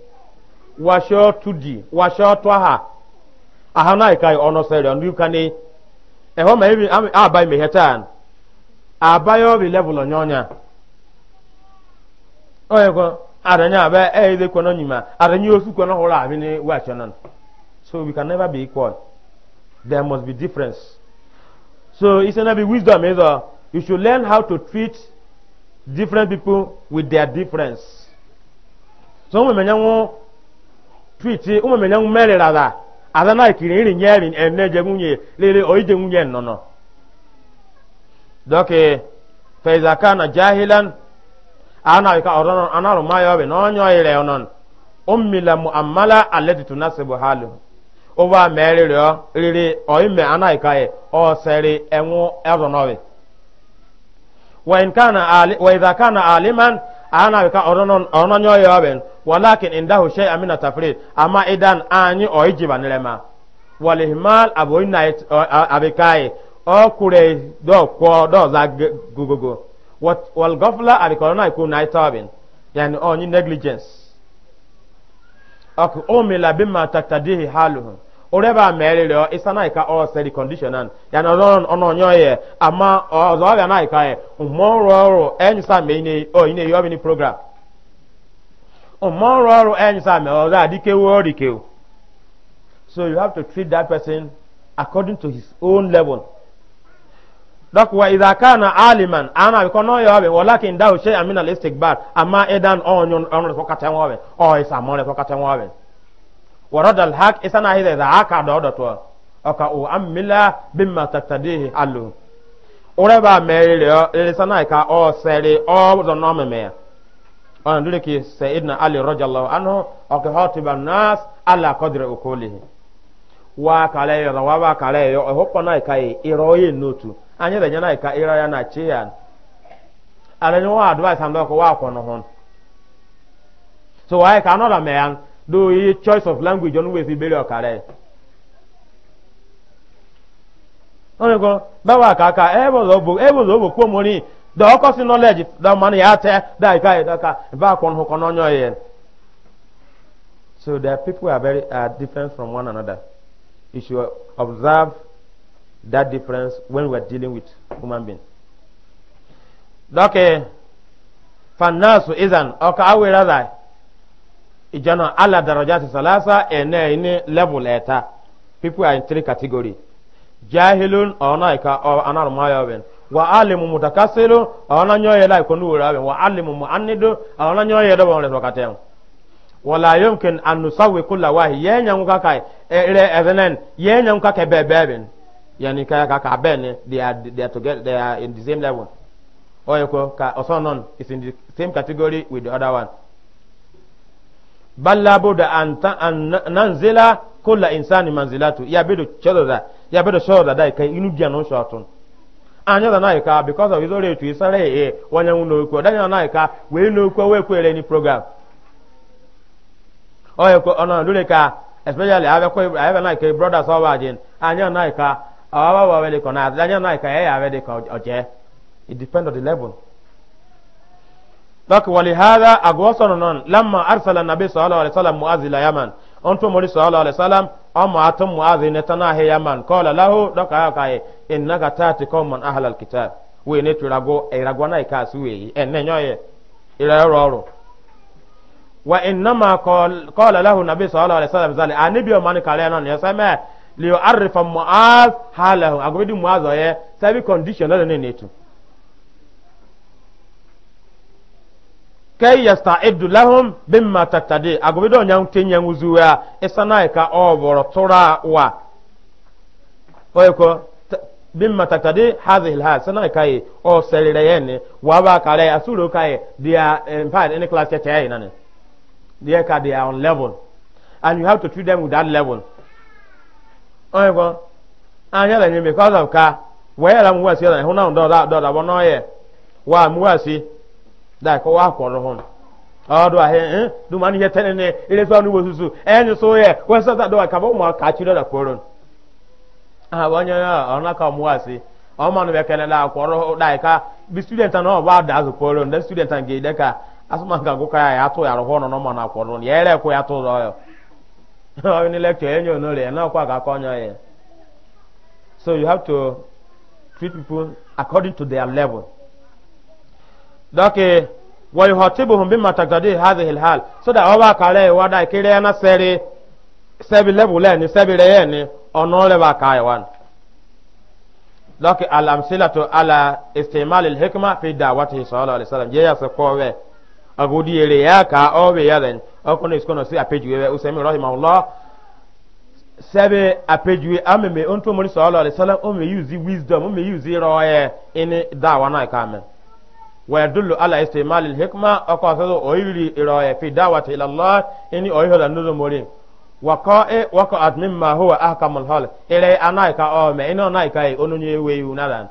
washo tudi ka twaha ahana ikai ono sere ndu kane eho ma ebi abai me hetan abai obi level onyonya oyego aranya abe eide kono nyima aranya osu kono hola abi ni washo nan so we can never be equal there must be difference so it's na bi wisdom either uh, you should learn how to treat different people with their difference so we menyanwo twiti ụmụmenye merịrị ada ada na ikiri nri nye eri ene je nwunye lere oije nwunye nnọnọ dọkị fezaka na jahilan ana ka ọrọnọ ya ọbị na onye ọyịrị ọnọn ummila mu'amala allati tunasibu halu oba mere rịọ riri oime anaika e ọsịrị enwu ọrọnọbi wa ali wa idha kana aliman ana ọrụ ọrọnọ ọrọnọ ọyịrị ọbị walakin indahu shay'an min at-tafrid amma idan anyi o ijiba nilema wal ihmal abu inna abikai o kure do ko do za gugugo wal ghafla abikorona ikun na itabin yani onyi negligence ak umila bima taktadihi haluhum oreba merere o isana ika o seri conditionan ya na ron ono nyoye ama o zo ga na ika e mo ro ro enyu sa me ni o ine yo bi ni program ọmọ ọrụ ọrụ ẹnyisa mẹ ọzọ adikewo ọrikewo so you have to treat that person according to his own level dọkụwa ịzaka na aliman ana bikọ na ọya ọbịa wọlakin dahu shey amina listik bad ama ịdan ọnyụ ọrụ rịfọ kacha nwa ọbịa ọ ịsa mọ rịfọ kacha nwa ọbịa wọrọdal hak ịsa na ahịrị ịza aka dọ dọtọ ọka o amila bimma taktadihi alu ụrẹba mere ịrịsa na ịka ọ sere ọ zọ n'ọmịmị ya ana dole ke sayyidina ali radiyallahu anhu o ke hotiba nas ala qadri ukulihi wa kala ya wa ba kala ya o hoppa na kai iroye notu anya da nyana ka ira ya na chiya ala ni wa advice am ko wa ko no hon so wa ka no la meyan do yi choice of language on we si bere o kala ọ̀rẹ́gbọ́n báwa kàkà ẹ̀bùn lọ́bù kó mọ́ ní da ọkọ si nọleji da mmanụ ya atẹ da ika ya daka ebe akwọ nhụkọ n'ọnyọ ya so that people are very are different from one another you should observe that difference when we are dealing with human being dọkị fanasu izan ọka awere ala ijana ala darajati salasa ene ene level eta people are in three category jahilun ọ̀nà ọ ọ̀nà àrùmáyọ̀ bẹ́ẹ̀ wa alimu mutakasilu awana nyoye la ikonu urabe wa alimu muannidu awana nyoye dobo wale wakati wala yumkin an nusawi kulla wahi yenya nguka kai ere evenen yenya nguka ke bebeben yani kaya kaka bene they are they are together they are in the same level oyeko ka osonon is in the same category with the other one bal labuda an, an nanzila kulla insani manzilatu ya bidu chododa ya bidu chododa dai kai inu dia non shotun anya da naika because of izore etu isere e wanya nwu n'okwu ọdanya na naika wee n'okwu wee kwere ni program oye ko ona dule ka especially ave ko ave naika brothers of virgin anya naika awa wa wele ko na anya naika e ya wele ko oje it depend on the level donc walihada agwasono non lamma arsala nabi sallallahu alaihi wasallam muazila yaman onto mori sallallahu alaihi wasallam ama atum muazi ne ka he yaman qala lahu daka kai innaka tati qauman ahla alkitab we na turago e ragwana e kasu we enne nyoye ọrụ ọrụ. wa innama qala lahu nabi sallallahu alaihi wasallam zali anibi man kale non yasama li sabi kai yasta'iddu lahum bimma taktadi agobido nyang tinyang uzuwa isanai ka oboro tura wa oyeko bimma taktadi hadhihi alha sanai kai o selireyene wa ba kare asuro kai dia empire eh, in class chete ai nane dia ka dia on level and you have to treat them with that level oyeko anya la nyime because of ka where am wasi la huna ndo da do da bonoye wa muasi da ko wa kwọrọ hụ ọdụ ahịa dụmanụ ihe tene na ịresị ọnụ ugbo susu enyi so ya wesa ọrụ ka kaba ụmụ ka chiri da kwọrọ aha bụ onye ọnaka ọmụwasị ọmanụ bekele na akwọrọ da ka bi student na ọba ada azụ kwọrọ ndị student ga ide ka ga agụka ya ya atụ ya rụhụ ọnụ n'ọma na akwọrọ ya ere ya tụ ụzọ ya ọrụ ni na ọkwa ga akọ ọnyọ ya so you have to treat people to their level dɔke wayuhatibuhum bima taqtadi hazi alhal so da oba kale wa da na seri sebi lebule ni sebi reye ni ono le ba kai wan al'amsila to ala istimali hikima fi da'wati sallallahu alaihi wasallam je ya se agudi ere ya ka obe ya den okono iskono si apejuwe usemi rahimahullah sɛbe apɛdue ameme ontomori sɔɔlɔ wisdom rɔɔyɛ mɛ. ويدل على استعمال الحكمة أقصد أيري إراية في دعوة إلى الله إني أيها النظم مريم وقاء وقعت مما هو أحكم الحال إلي أنايك أو ما إنو نايك أي أنوني ويونالان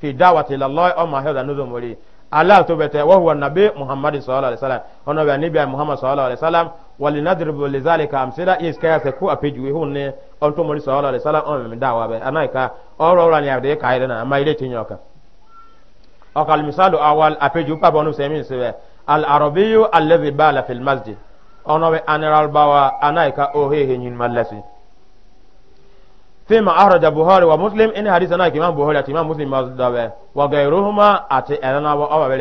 في دعوة إلى الله أو ما هذا النظم مريم الله تبت وهو النبي محمد صلى الله عليه وسلم أنا النبي محمد صلى الله عليه وسلم ولنضرب لذلك أمثلة إسكاس كو أبيجوي هون أنتم صلى الله عليه وسلم أم من دعوة أنايك أو رولان يعدي كايرنا ما يلي تنيوكا أو المثال الأول أبيجو بابونو سيمين سوى العربي الذي بال في المسجد أنا أنا البوا أنا إكا أوهيه نين ملسي فيما أخرج البخاري ومسلم إن حديثنا كمان بخاري كمان مسلم مزدوى وغيرهما أتي أنا وأبا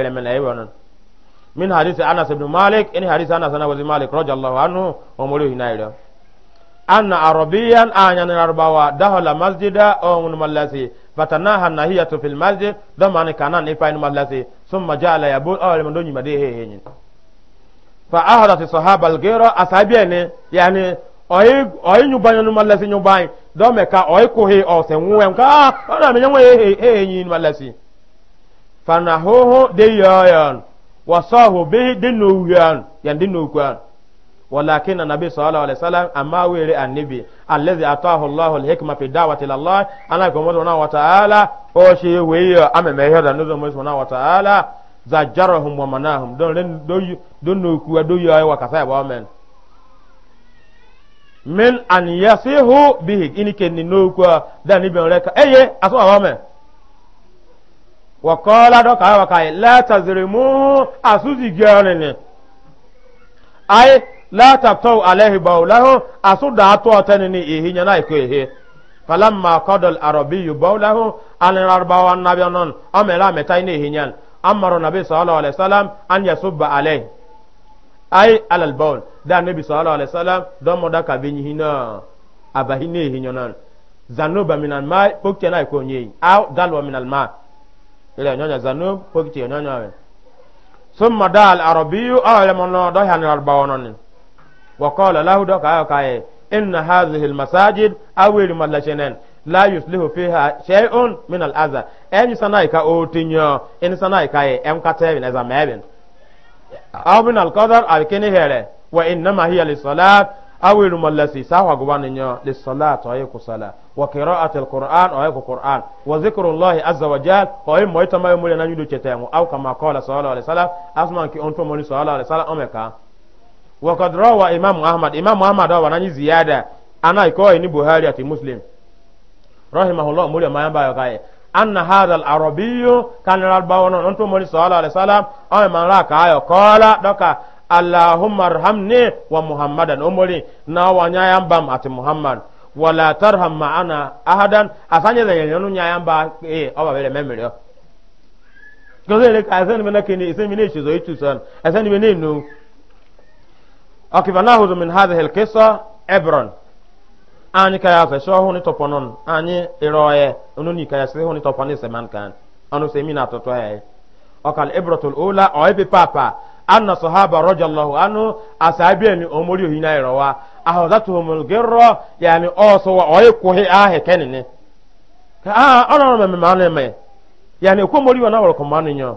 إلمنا إيوانا من حديث أنس بن مالك إن حديث أنس بن مالك رضي الله عنه ومولوه نايلو أن عربيا أن ينربوا دخل مسجد أو من ملسي fatanaha nahiyatu fil masjid da mani kana ne fa ni mablasi summa jala yabu awal man donyi made he henyin fa ahrat sahaba al ghayra asabiya ne yani oyi oyi nyubanya no mablasi nyubai do me ka oyi ko he o se nwem ka ona me nyanwe he he henyin mablasi fanahuhu de yoyon wasahu bihi dinuyan yan dinuyan walakin nabi sallallahu alaihi wasallam amma were annabi allazi atahu allahul hikma fi da'wati ila allah ana ko mo wa ta'ala o shi weyo ameme hada nuzo mo subhanahu wa ta'ala zajjarahum wa manahum don ren do don no ku do yo ay wakasa ba men min an yasihu bihi ini ken ni no ku da ni ben reka eye aso ba men wa qala do ka wa kai la tazrimu asuzi gyalene ay látàtọ́ alẹ́hìn bọ̀ láhùn àsúdàátọ́ ọ̀tẹ́ni ní èhì yẹn náà ìkó èhì falamma kọ́dọ̀l àrọ̀bí yìí bọ̀ láhùn alẹ́rọ̀báwá nàbíọ́ náà ọmọ ẹ̀rọ àmẹ́ta ní èhì yẹn amọ̀rọ̀ nàbí sọ́ọ́lọ́ alẹ́ sálám ányẹ̀sọ́ bọ̀ alẹ́ ayé alàlbọ́ọ̀l dáa níbi sọ́ọ́lọ́ alẹ́ sálám dọ́mọdá kàbí yìí náà àbáyé ní èhì yẹn náà zanuba minal ma pokite na ko nyi aw dalwa minal ma ila nyonya zanub pokite وقال له دكا كاي إن هذه المساجد أول ما لا يصلح فيها شيء من الأذى أي سنايك أو تنيو إن سنايك أي أم كتابين إذا مابين من القدر أو كني هيري وإنما هي للصلاة أول ما لسي ساوا غوانيو للصلاة أيكو صلاة وقراءة القرآن أيكو القرآن وذكر الله عز وجل أي مويتما يمولي نانيو دو أو كما قال صلى الله عليه وسلم أسمان كي أنتم صلى الله عليه وسلم أمكا وقد روى إمام أحمد إمام أحمد روى ناني زيادة أنا يكوي ني بوهاري أتي مسلم رحمه الله مولي ما ينبع يقاي أن هذا العربي كان الأربعون أنتم مولي صلى الله عليه وسلم أو من راك آيو قال دوكا اللهم ارحمني ومحمدا أمولي ناوى نيام بام أتي محمد ولا ترحم معنا أحدا أساني ذا يلينو نيام با إيه أو بابي لممريو كذلك أساني منكني إساني مني شزوي تسان أساني مني نو أكفناه من هذه القصة عبرا أني كيا فشوه نتوبنون أني إروي أنني كيا سيه نتوبني سمان كان أنو سمينا تتوهي أكال عبرة الأولى أو إبي بابا أن صحابة رضي الله عنه أصحابين أموري هنا إروا أهدتهم الجرة يعني أوسوا أيكوه آه كنني آه أنا ما معنى ما يعني كم مريوا نوركم معنى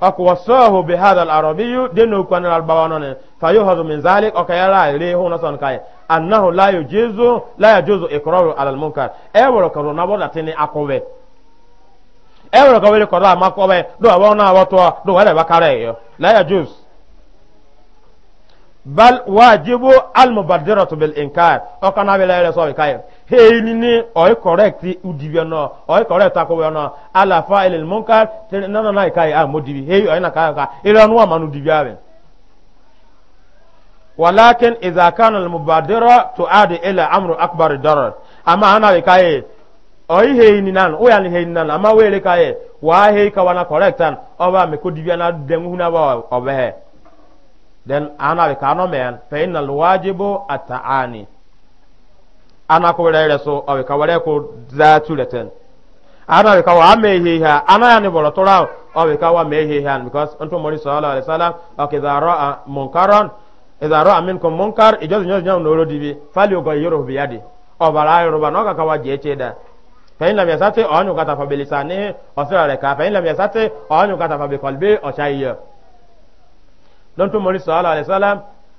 akwasahu bi hadha al-arabiyyu dinu kan al-bawanane fayuhadu min zalik okayara ile hono son kai annahu la yujizu la yajuzu ikraru ala al-munkar ewro karo na boda tini akowe ewro ko wele koro amakowe do awon na woto do wale bakare yo la yajuz bal wajibu al-mubadiratu bil inkar okana wele ile so kai hey ni ni oy correct udibyo no oy correct akobyo no ala fa'il munkar no no na e, kai a modibi hey oy na kai ka ila no ma no ake walakin idza kana al mubadira tu'adu ila amru akbar darar ama ana kai e. oy hey ni nan o ya ni hey nan ama wele kai e. wa hei ka wana correct an oba me ko dibya na dengu na ba obe then ana ka no men fa wajibu ana ko rere so awe ka ware ko za tuleten ana ka wa mehe ha ana ya ni bolo tora awe ka wa mehe ha because onto mori sallallahu alaihi wasallam okay za ra'a munkaran idza ra'a minkum munkar ijo nyo nyo no rodibi fali ogo yoro bi yadi o bara yoro ba no ka ka wa jeche da fa in lam yasati onyu kata fa bilisani o sira re ka fa in lam yasati onyu kata fa bi qalbi o shayya don to mori sallallahu alaihi wasallam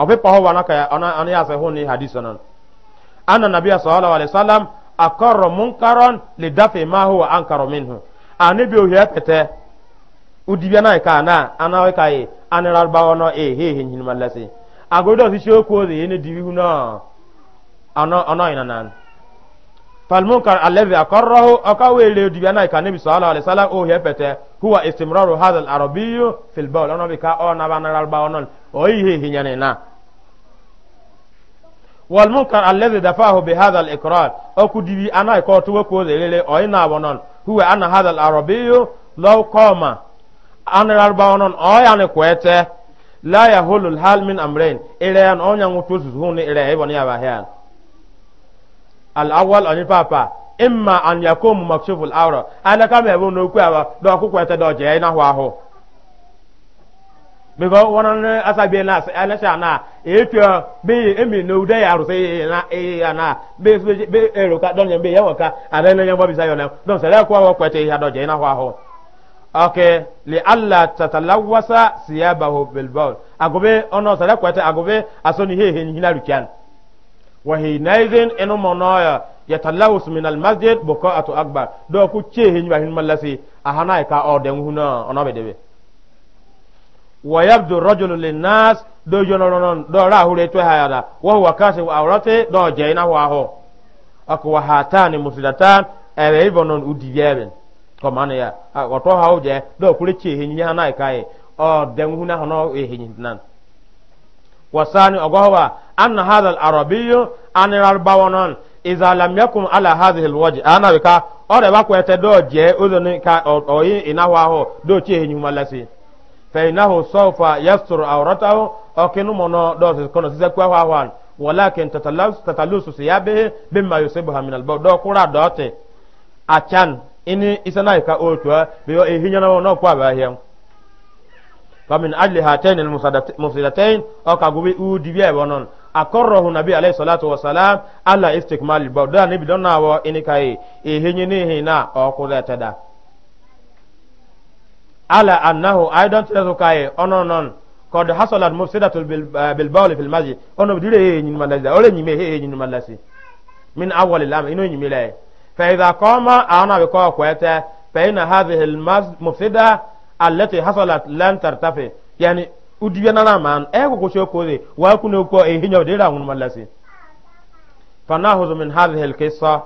ɔfi pɔhɔ wa naka ɔna ɔna yasɛ hu ni hadisi nan ana nabiya sallallahu alaihi wasallam akɔrɔ munkaron le dafe mahu wa ankaro minhu ani bi ohia pɛtɛ udibia na ka na ana ka ye ani rarba wɔnɔ e he he nyinima lase agodo si se o de ye ne hu na ɔnɔ ɔnɔ yina nan. فالمنكر الذي أقره أقوي لديانا كنبي صلى الله عليه وسلم أو يبتة هو استمرار هذا العربي في البول أنا بكا أو نبانا الباونون أو يهي هنينا والمنكر الذي دفعه بهذا الإقرار أكو دي أنا كوتو كوزي للي أو ينابونون هو أن هذا العربي لو قام أنا الباونون أو يعني كويته لا يهول الحال من أمرين إلى أن أون يموتوس هون إلى إبن يبهيان al'awwal onye papa imma an yakum makshuful awra ana kama ebe na okwu aba do akwụkwọ ete do je na ahụ biko wọn ne asabi na ana sha na etu be emi na ude ya ruse na e ya na be be ero ka don be ya waka ada na nyamba bisa yo na don sala kwa wa kwete ya do je na ahụ okay li alla tatalawasa siyabahu bil bawl agobe ono sala kwete agobe asoni he he ni na rukian وحينئذ إنه منايا يتلوث من المسجد بكاءة أكبر دو كو تشيهن وحين ملسي أهنا يكا أودن هنا أنا بدبي ويبدو الرجل للناس دو جنرون دو راهو ليتو هيدا وهو كاسب أورته دو جينا هو هو أكو هاتان مسلتان أبيبنون أديبين كما أنا يا وتو هاو جي دو كو تشيهن يهنا يكا أودن هنا هنا يهين نان wasani ogohoba anna hadha al-arabiyyu an arbawanan iza lam yakun ala hadhihi al-wajh ana bika ore ba kwete do je uzuni ka oyi inahu aho do che hinyu malasi fa inahu sawfa yastur awratahu okinu mono do se kono se kwa wa wan walakin tatalus tatalus siyabihi bimma yusibuha min al-bawl do kura dote achan ini isana ka otwa biyo ehinya na wono kwa ba hiyan famin ajli hatain almufsidatain o ka gobe u dibiya bo non akorrohu nabi alayhi salatu wa salam ala istikmal albaw da ni bidon nawo ini kai e henyi ni hina o ko letada ala annahu aidan tilazo kai onon non kod hasalat mufsidatu bilbawl fil masjid ono bidire henyi malasa ole nyime henyi malasi min awwal alam ino nyime lai fa idha qama ana bi ko ko eta fa inna hadhihi almufsida allati hasalat lan tartafi yani udiya na man e ko ko shoko de wa ku ne ko e hinyo de ra ngun malasi fanahu min hadhihi alqissa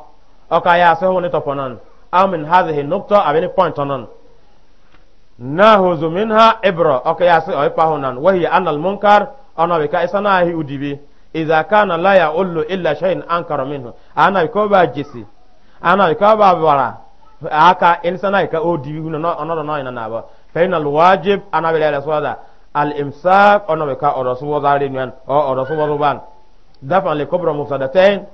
aka ya sa hone to ponan am min hadhihi nukta abeni point onan nahuzu minha ibra aka ya sa o pa honan wa hiya anal munkar ana be ka isana hi udibi idza kana la ya'ullu illa shay'in ankara minhu ana ko ba jisi ana ko ba bara aka insana ka odibi huno no no no na ba فإن الواجب أنا بلا رسول الإمساك أنا بك أرسول وزارين أو أرسول وزبان دفع لكبر مفسدتين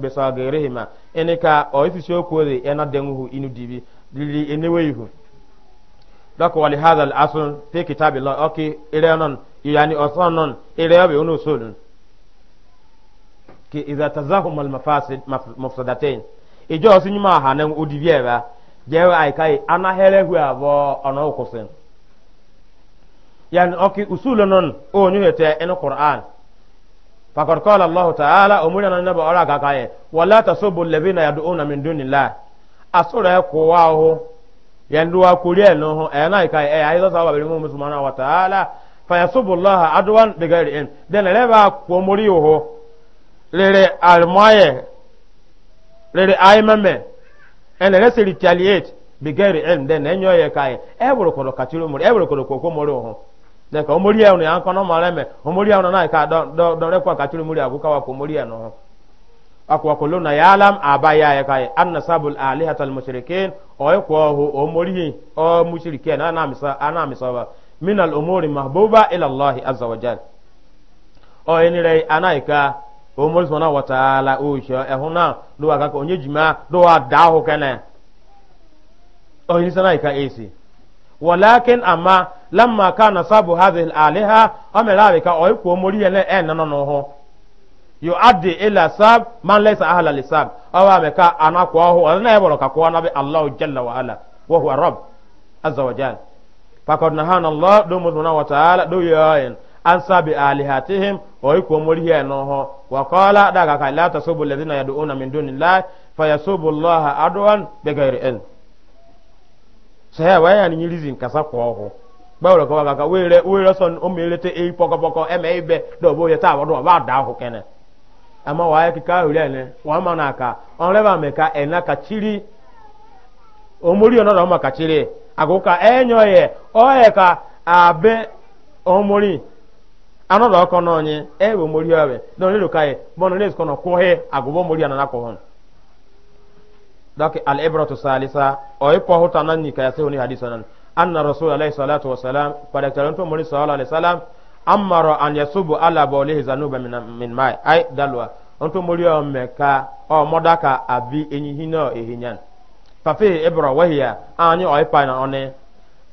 بصغيرهما إنك أويس شوكوذي أنا دمه إنو ديبي للي إنويه لك ولهذا الأصل في كتاب الله أوكي إليانون يعني أصنون إليابي ونوصول كي إذا تزاهم المفاسد مفسدتين إجو أسنما هانم أدبيه jewe ai kai ana hele hu abo ono kusin yani oki usulo non o nyu hete en qur'an fakor qala allah ta'ala umuna nan naba ora ga kai wala tasubbu alladhina yad'una min dunillah asura e ko wa ho yandu wa kuriye no ho e na kai e, e ai zawa bi mu musumana wa ta'ala fa yasubbu allah adwan bi ghairi in den leba ko mori ho lere almaye lere aimame ene ne siri retaliate bigari elm den ne nyoye kai ebro koro katiro muri ebro koro koko muri na ka omuri ya ne ankono na ka do do do katiro ya no akwa kolona ya alam abaya ya kai anna sabul alihatal mushrikin o ko ho omuri ana ana min mahbuba omori sɔnna wataala o sɔ ɛhuna do wa kaka onye juma do wa daahu kɛnɛ o yi sɛnɛ yi ka esi walakin ama lamma ka nasabu hadhihi aliha ɔmɛra bi ka ɔyi ko omori yɛ ne ɛ nana no ho yo adi ila sab man laysa ahla li sab awa me ka ana ko ho ana e bolo ka ko ana bi jalla wa ala wa huwa rabb azza wa jalla fakad nahana do mo wataala do yɛ an sabi alihatihim oiko mori he no ho wa qala daga ka la tasubu alladhina yad'una min dunillahi fayasubu allaha adwan bighairi ilm sehe wa ya ni rizin kasa ko ho gbawro ko ga were were son o melete e poko poko e me ibe do bo ye ta wo do ba da ho kene ama wa ya ki ka hore ne wa ma na ka on le ba me ka e na ka chiri o mori ono do ma ka chiri agoka enyo ye o ye ka abe o mori anọdụ ọkọ n'onye ewe mori ọbẹ na onye lukaye bọ na onye nọ kwụhe agụbọ mori anọ na kwụhụ dọkị al ibratu salisa oyi e pọhuta na nika ya sehuni hadisa nan anna rasul alayhi salatu wa salam kwadaktara ntu mori sallallahu alayhi salam amaro an yasubu ala bawlihi zanuba min min mai ai dalwa ntu mori ka ọ o modaka abi enyi hino ehinyan fafi ibra wahiya anyị ọyị e pa na one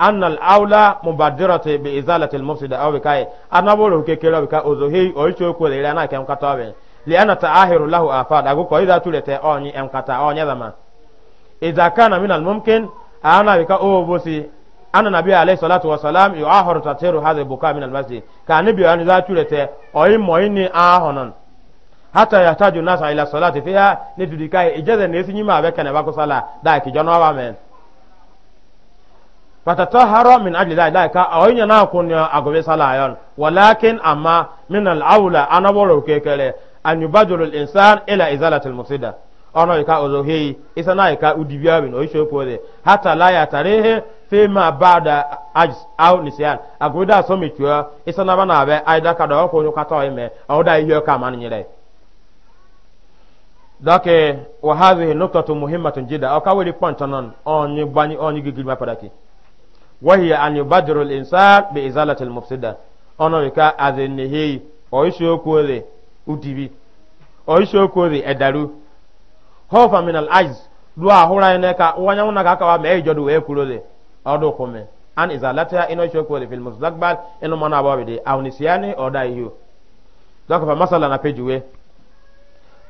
anna al-aula mubadirati bi izalati al-mufsida aw bikai anabolo ke kero bika ozohi oicho ko le ana kem kata be li anna ta'ahiru lahu afad agu ko ida tulete onyi em kata onya dama idza kana min al-mumkin ana bika o bosi anna nabi alayhi salatu wa salam yu'ahiru tatiru hadha buka min al-masjid ka nabi an za tulete oyi moyini ahonon hata yahtaju nasa ila salati fiha nidudika ijaza nesi nyima abeka ne bakusala da ki jono wa men fatatahara min ajli la ilaha ka awon yana kunya agobe salayon walakin amma min al aula anaboro kekere an yubadilu al insan ila izalati al mufsida ono ka ozohi isana ka udibia bin oisho pole hata la ya tarehe fi ma ba'da ajz aw nisyan agoda so mitua isana bana be aida ka do ko nyuka to ime awda iyo ka man nyire dake wa hadhihi nuqtatu muhimmatun jidda akawili ka wali pontanon onyi bani onyi gigil ma padaki وهي أن يبادر الإنسان بإزالة المفسدة أنا بكا أذنهي أيشو كوري أتبي أيشو كوري أدارو خوفا من العجز دوا هورا ينكا وانا ونا كاكا وما يجدو ويكولوري أدو كومي أن إزالتها إنو شو كوري في المستقبل إنو مانا بابدي أو نسياني أو دايو دوك فمثلا نبيجوه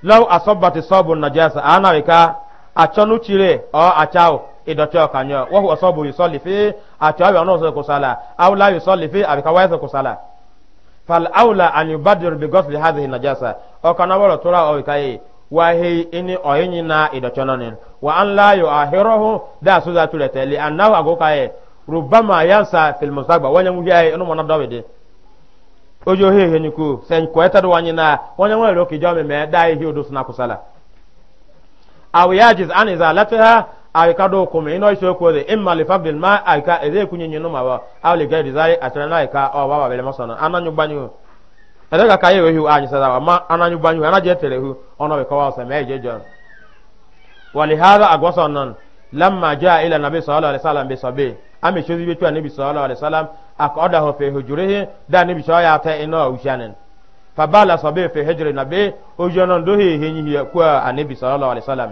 لو أصبت صوب النجاسة أنا بكا أتشانو تشيري أو أتشاو idɔtɛ ɔkanyɔ wɔhu ɔsɔbu yusɔlifi ati ɔyɔ ɔnɔ sɔrɔ kusala awula yusɔlifi abika wɔyɛ sɔrɔ kusala fal awula ani badiru bi gɔsili hazihi najasa ɔkana wɔlɔ tora ɔyika ye wahi ini ɔyinyi na idɔtɛ nɔni wa an la yɔ ahirɔhu daa suza tu lɛtɛ li rubama yansa filimusagba wɔnyɛ ŋuhiya ye ɔnu mɔna dɔbi ojo hehe ni ko sɛn kɔɛta do wanyina wɔnyɛ ŋun yɛrɛ kejɔ mi mɛ daa ye arika do kome ino iso ko imma li fabdil ma aika eze kunye nyino ma ba awle ga dizai atana na arika o baba bele masana ananyu banyu ele ga kaye wehu anyi sada ma ananyu banyu ana je telehu ono be kawa sa meje jon wali hada agwason nan lamma jaa ila nabi sallallahu alaihi wasallam bi sabi ame shozi bi tuwa nabi sallallahu alaihi wasallam akoda ho fe hujurihi da nabi shawa ya ta ino ushanen fabala sabi fe hijri nabi ojonon do he henyi kwa anabi sallallahu alaihi wasallam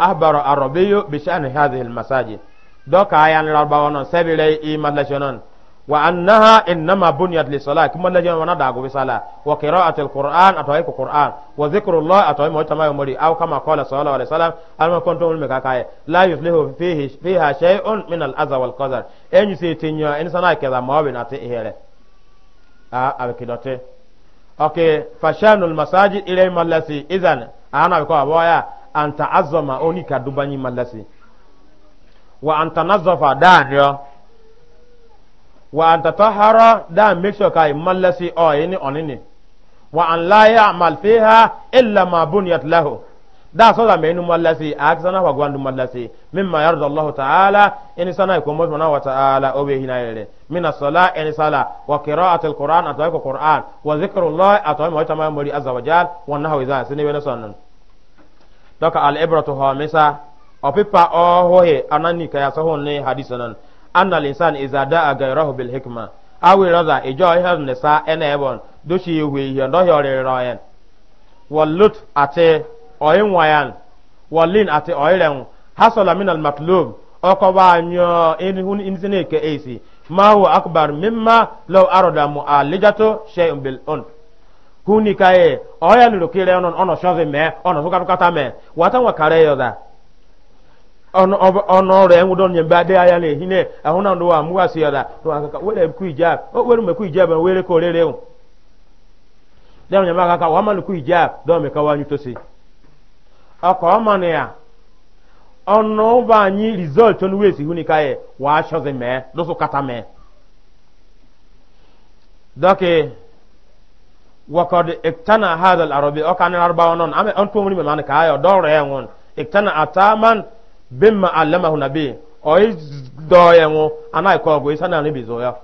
أخبر الربي بشأن هذه المساجد دوك آيان الأربعون لي إيما لشنون وأنها إنما بنيت للصلاة كما لجنا وندعو بصلاة وقراءة القرآن أتوهيك القرآن وذكر الله أتوهي مهتما يمري أو كما قال صلى الله عليه وسلم ألما كنتم المكاكاية لا يفلح فيه فيها شيء من الأذى والقذر إن يسيتنيو إن سنة كذا موابن إلي آه أبكي أوكي فشان المساجد إليه ملسي إذن أنا بكوا بوايا an ta'azzama oni ka dubanyi malasi wa an tanazzafa da nyo wa an tatahara da make sure kai malasi o oh, yini onini wa an la ya'mal fiha illa ma bunyat lahu da so da menu malasi a sana fa gwandu malasi mimma yarda Allah ta'ala in sana ko mo wa ta'ala o be hinayele min as-sala in sala wa qira'at al-quran atwa quran wa zikrullah atwa mo tamam mori azza wa jal wa nahwa iza sene wena sanan dɔka al'ibratu hɔ misa ɔpipa ɔhohe anani kaya sɔhun ne hadisa nan anna linsan iza da a gairahu bil hikma awi rada ijo ihar nisa ene ebon doshi iwe ihe ndo hiore royen wallut ate oyin wayan wallin ate oyiren hasala min al matlub ɔkɔba nyo inhun insene ke esi ma huwa akbar mimma law arada mu'alijatu shay'un bil unf huni kae oya nulo kire ono ono shove me ono fuka tukata me wata wa kare yoda ono ono re engu don nyemba de aya le hine ahuna ndo wa muwa si yoda to akaka wele ku ijab o wele me ku ijab wele ko lele o de nyemba kaka wa man ku ijab do me kawanyu to si akọ mane ya ono ba nyi result onu we si huni kaye wa shove me do so kata me doke okay. وقد اقتنى هذا العربي او كان الاربعه نون ام ان تومري مان كاي دور يون اقتنى اتاما بما علمه النبي او دو يون انا يكو غو يسنا نبي زويا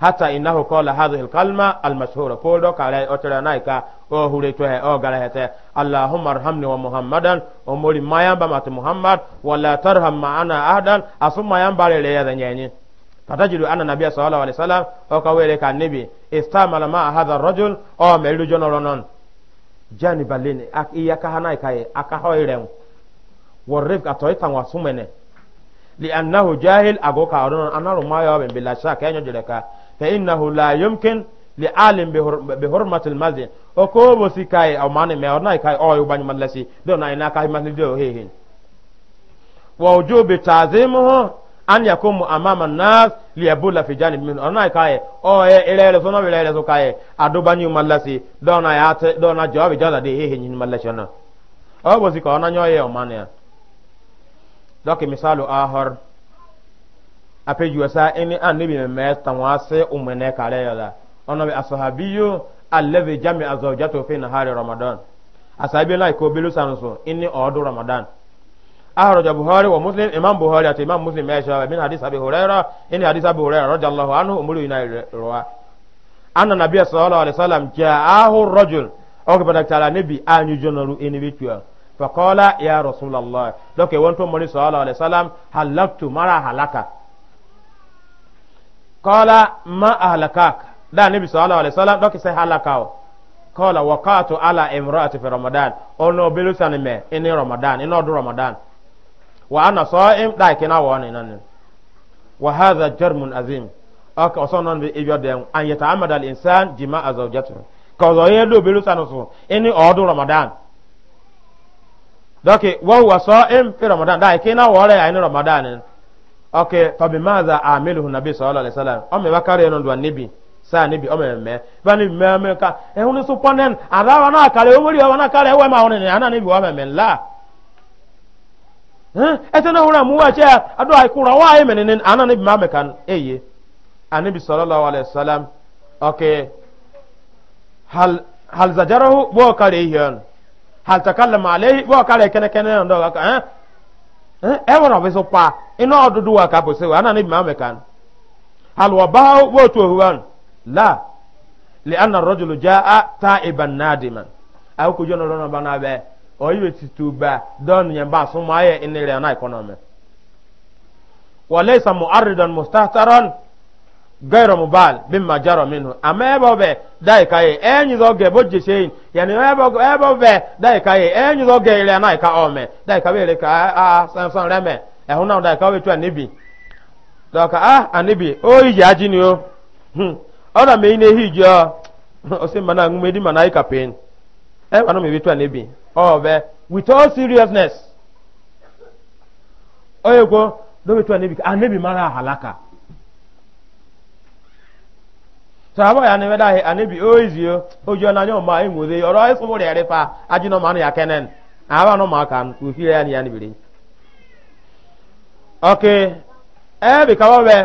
حتى انه قال هذه الكلمه المشهوره قول دو كاي او نايكا او هوري او غلا اللهم ارحمني ومحمدا ومولي ما ينبا محمد ولا ترحم معنا احدا اصم ما ينبا لي ذنيني fatajidu anna nabiyya sallallahu alaihi wasallam o ka wele ka nabi istamala ma hadha rajul o melu jonoro non jani balini ak iya ka hanai kai aka hoiren warif ka toy tan wasumene li annahu jahil agoka onon anaru ma yawe bila shaka enyo jireka fa innahu la yumkin li alim bi hurmati al masjid o ko bo sikai o mani me onai kai o yu banyu malasi do na ina kai masjid do hehin wa ujubi ta'zimuhu an yakumu amama nas liyabula fi janib min ona kaye o ye ilele sono ilele so kaye aduba ni malasi dona ya te dona jawabi jada de hehe ni malasi ona o bozi ko ona nyoye o mane doki misalu ahor apeju sa eni anabi me me tanwase umene kare yola ona bi ashabiyo allazi jami'a zawjatu fi nahari ramadan asabi la ko bilu sanso inni odu ramadan أخرج البخاري ومسلم إمام بخاري أتى إمام مسلم يا شباب من حديث أبي هريرة إن حديث أبي هريرة رضي الله عنه أمر ينا رواه أن النبي صلى الله عليه وسلم جاءه الرجل أو كبر تعالى نبي أن يجنر إن بيتوا فقال يا رسول الله لك وانتم من صلى الله عليه وسلم هلكت مرا هلكا قال ما أهلكك لا النبي صلى الله عليه وسلم لك سهلكاو قال وقعت على امرأة في رمضان أو نبلسني إني رمضان إني رمضان wa ana sa'im da kina wa ne nan wa hadha jarmun azim aka osonon bi ijo dem an yata'ammada al insan jima'a zawjatihi ka zo ye do bilu sanu so ini odu ramadan doke wa huwa sa'im fi ramadan da kina wa re ayin ramadan oke fa bi madha amiluhu nabi sallallahu alaihi wasallam o me bakare non do nabi sa nabi o me me ba ni me me ka e hunu so ponen ara wa na kare o mori wa na kare wa ma honen ana nabi wa me la ɛtɛ na wura mu wakyɛ ado akura wa ayɛ mɛnene ana ne bi ma mɛka no eye ane bi sallallahu alaihi wasallam okay hal hal zajarahu bo kare hiyan hal takallama alaihi bo kare kene kene ndo ka eh eh wona bi so pa ina odudu wa ka bo se ana ne bi ma mɛka no hal wabahu bo to huwan la li anna ar-rajulu jaa ta'iban nadiman aw ko jono lona bana be oyiwe titu ba don yan ba sun maye in ne na economy walaysa mu'arridan mustahtaran gairu mubal mimma jara minhu amma ebe obe dai kai enyi zo ge boje sein yani ebe ebe obe dai kai enyi zo ge ile na ka ome dai ka bele ka a san san reme e huna dai ka wetu anibi doka ah anibi o yi yiji ajini o hmm ona me ine hijo o se na ngumedi mana ikapen ɛwà nomi bitu anabi ɔbɛ with all seriousness ɔyɛ ko ebi ka anabi ah, ebi mara ahalaka sàbọ̀ yà ni wẹ́n dàhẹ́ anabi oyizi o ojú ọ̀nà ni ọ̀ma ẹ̀ngùnze ọ̀rọ̀ ayé sọ́mọ́ rẹ̀ rẹ̀ fa ajínà ọ̀ma ya kẹ́nẹ́n àwọn ọ̀ma kan òfin rẹ̀ ni yà ni bìrì. ọ̀kẹ́ ẹ̀ bìkà wọ́n bẹ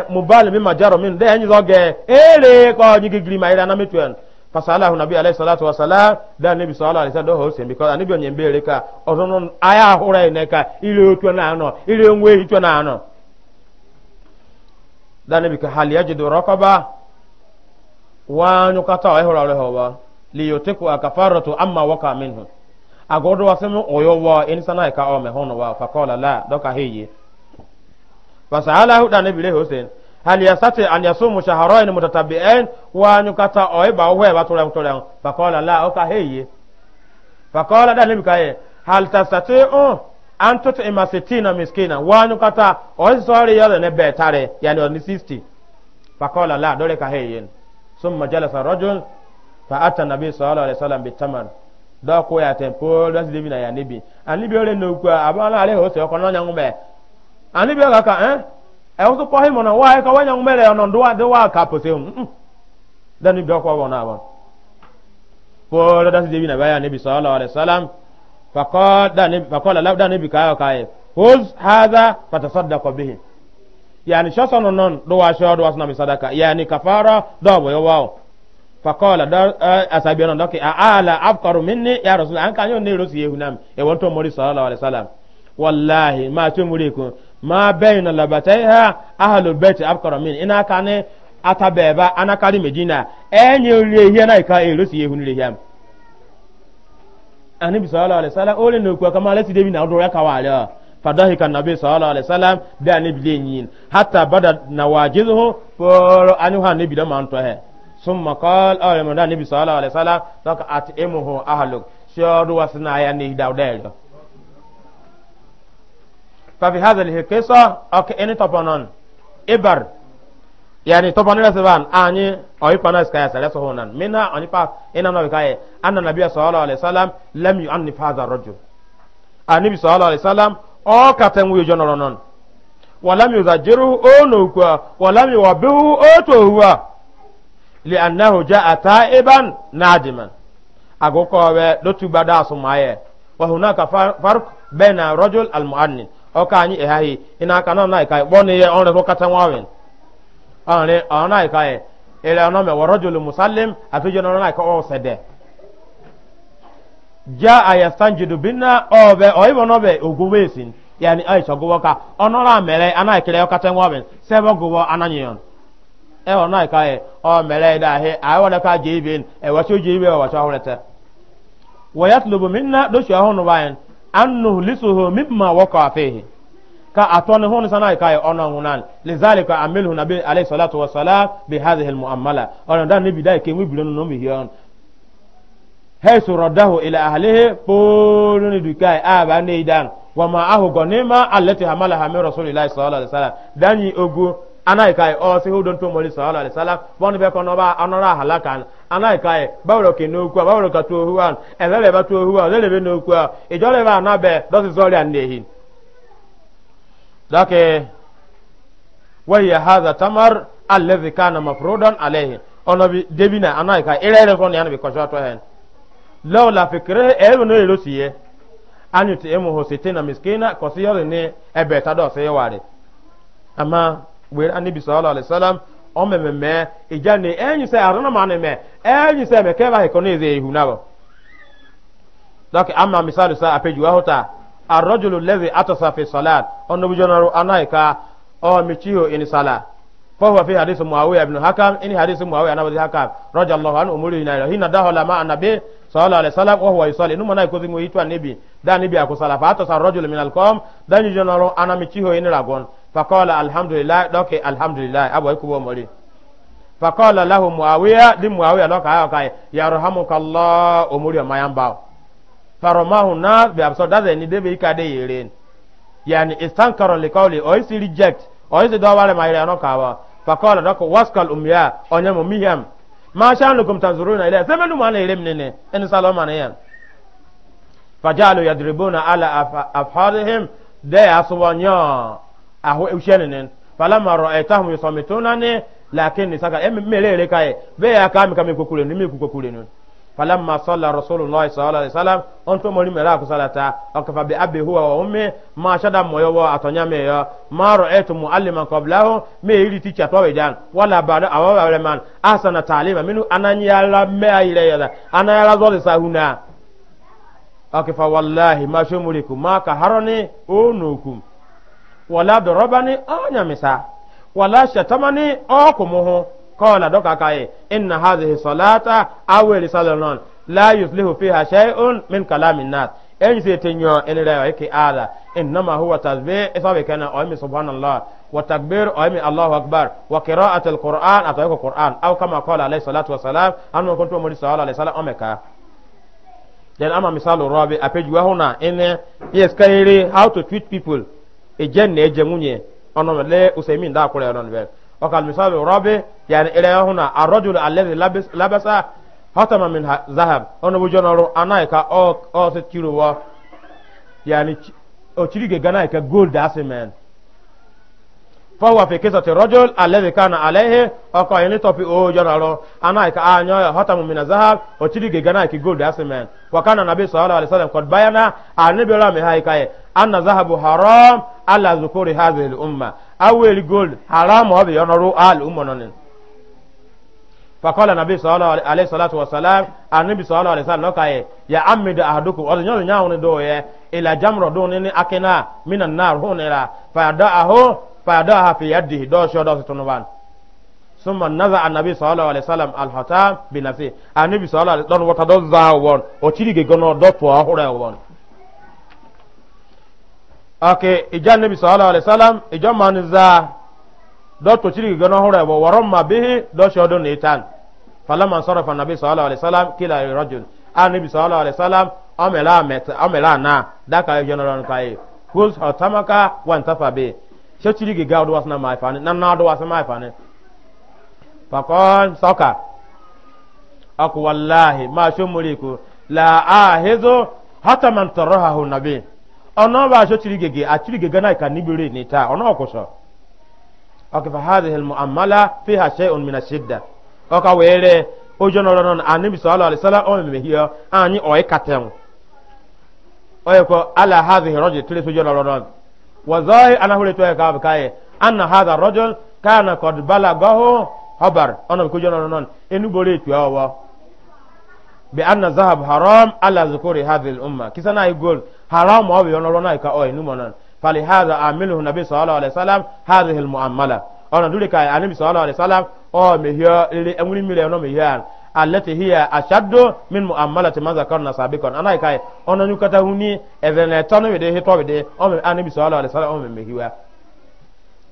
mi ma jẹ́rọ̀ mi dẹ́ ẹ̀yin zọ́gẹ̀ ẹ̀ẹ́rẹ́ kọ́ ọ̀nyigigiri ma yẹ́rẹ́ fasalahu nabi alayhi salatu wa salam da nabi sallallahu alayhi wasallam ho sin because ka ozono aya ahura ineka ka ile otu na ano ile onwe hitu na ano da nabi ka hal yajidu raqaba wa nyukata wa ihura ho li yoteku akafaratu amma waka minhu agodo wasemu oyo wa insana ka hono wa faqala la doka fasalahu da nabi le hal yasati an yasumu shahrayn mutatabi'ain wa nyukata oiba uwe batura mtola faqala la oka heye faqala da nabi kaye hal tastati'u an tut'ima sittina miskina wa nyukata oisori yale ne betare yani ni 60 faqala la dole ka heye summa jalasa rajul fa ata nabi sallallahu alaihi wasallam bitaman da ko ya tempo da zibina ya nabi anibi ole no kwa abana ale ho se ko no nyangume anibi ka eh ɛwɔ so kɔhe mɔ na wa ayɛ ka wanya ŋmɛrɛ ɔnɔ do wa de wa ka pose mu dani bɛ kɔ wɔn awɔ kɔɔrɔ dasi de bi na bɛ yan ne bi sɔɔlɔ alayi salam fakɔ dani fakɔ lala dani bi ka yɔ ka ye hos haza patasɔ da kɔ bihi eh, yaani sɔsɔ nɔnɔ do wa sɔ do wa sɔnna mi sadaka yaani kafaara dɔw bɔ yɔ wa o fakɔ la dɔ ɛɛ asabiya nɔ dɔkɛ a ala afkaru min ni ya rasul an kan y'o ne yɛrɛ si ye hunam ɛwɔ n tɔ mɔri sɔɔlɔ alayi salam walahi maa tɛ mori kun. ma bayna labataiha ahlul bait abkara min ina kane atabeba medina na ka elosi ehun ulihia anabi sallallahu alaihi wasallam ole no kwa na odo ya kawale fadahika nabi sallallahu alaihi wasallam bi anabi lenyin hatta bada nawajizuhu por anuha nabi da manto he summa qala aw ya nabi sallallahu alaihi wasallam tak atimuhu ahluk shodu wasna ya ni ففي هذا القصة أوكي إني تبانان إبر يعني تبانان لسبان أني أو يبانا إسكايا سلسة هونان منا أني با إنا نبكاية أن النبي صلى الله عليه وسلم لم يعنف هذا الرجل النبي صلى الله عليه وسلم أو كتن ويجنرنان ولم يزجره أو نوكوا ولم يوبه أو توهوا لأنه جاء تائبا نادما أقول قوة لتبدا سمعيه وهناك فرق بين الرجل المؤنن ọka anyị ịghaghị ị na-aka na ọnaghị ka ị kpọọ n'ihe ọrụ ịhụ kata nwawen ọrị ọnaghị ka ị ịrị ọnọ mẹ wọrọ jụlụ musalim atụjọ na ọnaghị ka ọ sẹdẹ ja ayastan jidu binna ọbẹ ọyịbọ n'ọbẹ ogwugbo esin yani ayi sọgwọ ka ọnọrọ amẹrẹ anaghị kere ọkata nwawen sẹbọ gwụwọ ananyịọn ẹwọ náà ká yẹ ọ mẹrẹ ẹdá ahẹ àwọn ẹka jẹ ibi ẹwà tí ó jẹ ibi ẹwà tí ó hùrẹtẹ wọ́n yẹ tulubu mi nná lóṣù ẹ̀hónú an lisuhu mimma waqa fihi ka atoni hun sana ka ya ona hunan lizalika amilhu nabi alayhi salatu wa wassalam bi hadhihi almuamala ona dan ni bidai ke wibilo no mi hiyon haythu raddahu ila ahlihi polun dukai aba ne dan wa ma ahu gonima allati hamalaha min rasulillahi sallallahu alaihi wasallam dani ogu anayi kai o oh, si hu don to mori sallallahu alaihi wasallam bon be ko no ba anora halakan anayi kai bawro ke no ku bawro ka to huwan e le le ba to huwa le le be no ku e jo le ba na be do si sori an dehin dake wa hiya hadha tamar alladhi kana mafrudan alayhi ono bi debina anayi kai ire re kon yan bi ko to hen lawla fikre e no le rosiye anyu te emu na miskina ko si yore ne e beta Ama were anabi sallallahu alaihi wasallam o meme me ijane enyi se arana mane me enyi se me keba he kono ze ihu nabo donc amma misalu sa apeju wa hota الرجل الذي أتصى في الصلاة أنه بجنر أنايكا أو ميشيو إن صلاة فهو في حديث معاوية بن حكم إن حديث معاوية أنا بدي حكم رضي الله عنه أمره إلى هنا دخل مع النبي صلى الله عليه وسلم وهو يصلي إنما أنا يكوزين ويتوى النبي دا نبي أكو صلاة فأتصى الرجل من القوم دا يجنر أنا ميشيو إن رغون fakola alhamdulilayi dɔke alhamdulilayi abo ekubo mori fakola lahu muawiya di muawiya dɔka ayo kai yaruhamu kala omori ɔma faromahu na bi abso daze ni debi ika de yere ni yani istan karon likawli o reject o isi dɔ wale mayire ano kawa fakola dɔko waskal umiya onye mu miham ma shan lukum tanzuruna ilaya sebe numu ana yere mnene eni saloma na yan fajalu yadribuna ala afharihim de asubonyo aho maro falama ra'aytahum eh, yusammitunani lakini saka em eh, melele kae be akami kame kokule ni mi kokule no falamma salla rasulullah sallallahu alaihi wasallam onto mori mera ku salata akafa bi abi huwa wa ummi ma shada moyo wa atonya eh, me yo ma ra'aytu mualliman qablahu me iri teacher to be dan wala ba'da awa wa man asana ta'lima minu ananya la me ayire yala ananya la zoli sahuna akafa wallahi ma shumurikum ma ka harani onukum wala dorobani onyamisa wala shatamani okumuhu kola doka kaye inna hadhihi salata awel salanon la yuslihu fiha shay'un min kalami nas en se tenyo en rewa yake ala innama huwa tasbih isabe kana oymi subhanallah wa takbir oymi allahu akbar wa qira'at alquran atayko quran aw kama qala alayhi salatu wassalam anu kuntu muri sallallahu alayhi wasallam omeka then ama misalu rabi apejuwa huna ene yes kairi how to treat people eje na eje nwunye ọnọdụ le usaimin da akwụrụ ya nọ n'ebe ọkal misali rọbi yani ire ya hụna arọjul alezi labasa hotama min zahab ọnọdụ jọ n'ọrụ anaghịka ọsị chiruwa yani ochirige ganaghịka gold asị men fọwọ́ fi kí sọ̀tì rọ́jò alẹ́bí kan alẹ́hẹ́ ọkọ̀ yìí ní tọ́pì ojú ọ̀nà rọ aná ìka àyàn ọ̀họ́tàmù mìíràn zahab òtírí gègé náà kí gold asimen wọ̀kánà nàbí sọ̀rọ̀ alẹ́sọ̀rọ̀ kọ̀ báyánà àníbi rà mí ha ìka yẹ anna zahabu haram ala zukuri hazil umma awéli gold haram ọ̀bì ọ̀nà rú al umma nọ́ni. fakọ́lá nàbí sọ̀rọ̀ alẹ́sọ̀rọ̀ wasalam àníbi sọ̀rọ̀ alẹ́sọ̀rọ̀ lọ́kà yẹ yà ámìdì àdókò ọ̀dọ̀ nyọ́ọ̀dọ̀ nyáwọn ni فيضعها في يده دو شو دو ستنوان ثم نزع النبي صلى الله عليه وسلم الحتام بنفسه النبي صلى الله عليه وسلم وتدو زاوون وتيري غنو دو تو هورون ake ija nabi sallallahu alaihi wasallam ija manza do to chiri gano hore bo waron ma bihi do shodo ne tan falama sarafa nabi sallallahu alaihi wasallam kila rajul an nabi sallallahu alaihi wasallam amela met amela na daka yono ron kai kus hatamaka wantafa bi shachiri gi gawdu na mai fane nan nadu wasna mai fane fakon soka aku wallahi ma shumuri ku la ahizu hata man nabi ono ba chiri achiri nibire ta ono okuso okay fa hadhihi al muamala fiha shay'un min ashidda oka were ojo no non anabi sallallahu alaihi wasallam o me hiyo anyi o ikatem ala hadhihi rajul no wazai anahule tuwe kabe kaye anna hadha rajul kana qad balagahu habar ana ko jona non enu bore tuwe wa bi anna zahab haram ala zukuri hadhihi al umma kisana igol haram wa bi ona rona ka o enu monan fali hadha amiluhu nabi sallallahu alaihi wasallam hadhihi al muamala ona dule kaye anabi sallallahu alaihi wasallam o mehiyo ile emuri mire no mehiyo allati hiya ashaddu min mu'amalati ma zakarna sabiqan ana kai ono nyukata huni evene tonu wede hito wede o me anabi sallallahu alaihi wasallam me mehiwa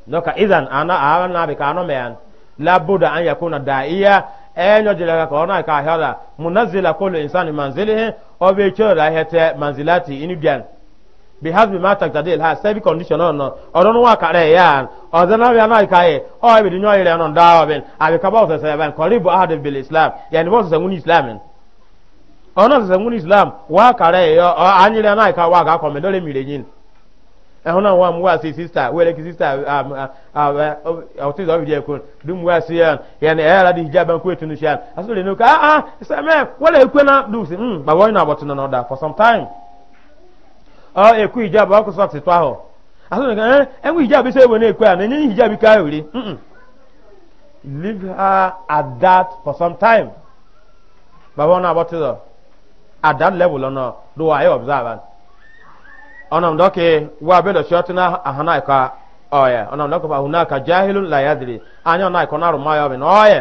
doka idan ana ana be no mean labuda an yakuna da'iya enyo jilaga ka ona ka hala munazzila kullu insani manzilihi o be chora hete manzilati inibyan bihasbi ma taktadil ha sebi condition on odon wa kare ya odana bi anai kai o bi dinyo ile on dawo bin abi ka ba o se ban qaribu ahad bil islam yani bo se nguni islam ona the nguni islam wa kare yo anyire anai ka wa ga ko me dole mi reyin e hona wa mu wa si sister we le sister um o ti zo bi wa si yan yani e ala di hijab an ku etunu shan asule no ka ah ah se me ekwe na du si ọ ekwu hijab ọkụ sọks tụ ahụ asụ na ee eh, enwe hijab isi ewe na-ekwe a na-enye hijab ike ahụ ri leave her at that for some time baba ọ na tịzọ at that level ọ nọ do I observe ọ nọ ndọkị wa bedo shọtị na ahana ịkọ ọya ọ ọ nọ ndọkị ahụ na-aka jahilun la yadiri anya ọ na-akọ na ọ bụ na ọ ọya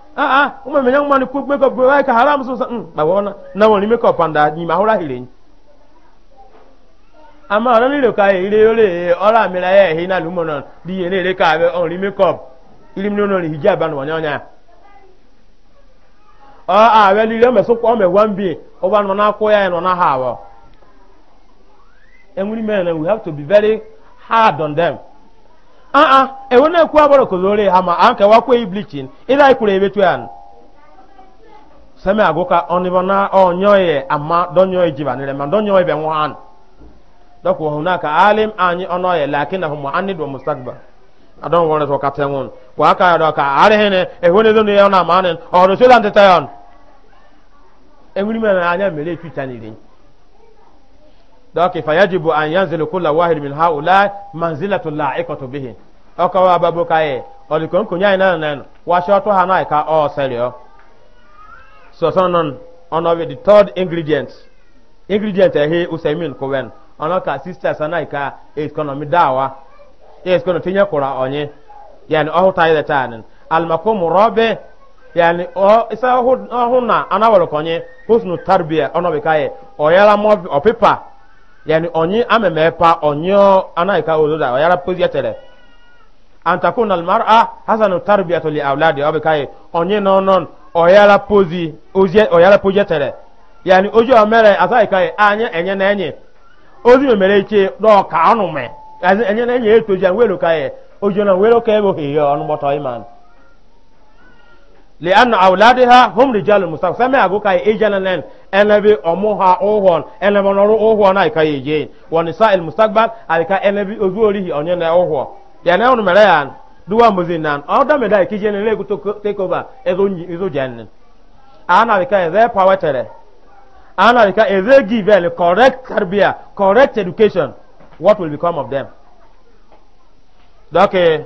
aa ah, ah, ụmụ menya mmanụ kwuo mekọp bụ ka haram sụsa hmm, kpawa na na nwere mekọp and anyịma ahụra hiri ama ọrụ nílò ka ire ore ọrụ amịra ya ehi na lumo nọ dị ihe na-ere ka abịa ọrụ mekọp iri mmiri nọ n'ihiji abịa na ọnya ọnya ọ abịa n'ire mesụkwa ọ megwa mbi ụgbọ nọ na-akwụ ya nọ na ha awọ enwere ime na we have to be very hard on them aa ah, ah. ewe na-ekwu agbara kozore ha ma a wakwa iblichin ila ikwuru ebe tu an seme aguka onibo na onyoye ama donyoye ọ ma donyoye be nwan doko hunaka alim anyi onoye lakina hum anid wa adon wona to katengun wa aka do ka are hene ewe ne ya na manen o do selan tetayon enwiri me na anya mere tu donc fayajibu an yanzilu kula wahid min haula manzilatu la'iqatu bihi oko wa babu kaye oli kon kunya ina nan wa shoto hana ka o selio so sonon ono the third ingredient ingredient ehe usaimin ko wen ono ka sister sana ka economy dawa yes kono tinya kura onye yani o ta ile tan al makum rabi yani o isa ho na anawolo konye husnu tarbiya ono be kaye o yala mo o yani onyi ameme pa onyo anaika oloda yara pozia tele antakuna almar'a hasanu tarbiyatu li awladi obi kai onye no non oyala pozi ozie oyala pozia tele yani ojo amere asaika anye enye na enye ozi mere iche do ka anume me enye na enye etoji an welo kai ojo na welo kai go hiyo anu boto iman لأن أولادها هم رجال المستقبل سمع أقول كاي إجانا لن أنبي أموها أوهون أنبي نورو أوهون أي كاي إجين ونساء المستقبل أي كاي أنبي أزوريه أنيان أوهو يعني أنا ملايان دوا مزينان أو دم داي كيجين لك تكوبا إذو إذو جنن أنا بكا إذا power أنا بكا إذا given correct تربية correct education what will become of them okay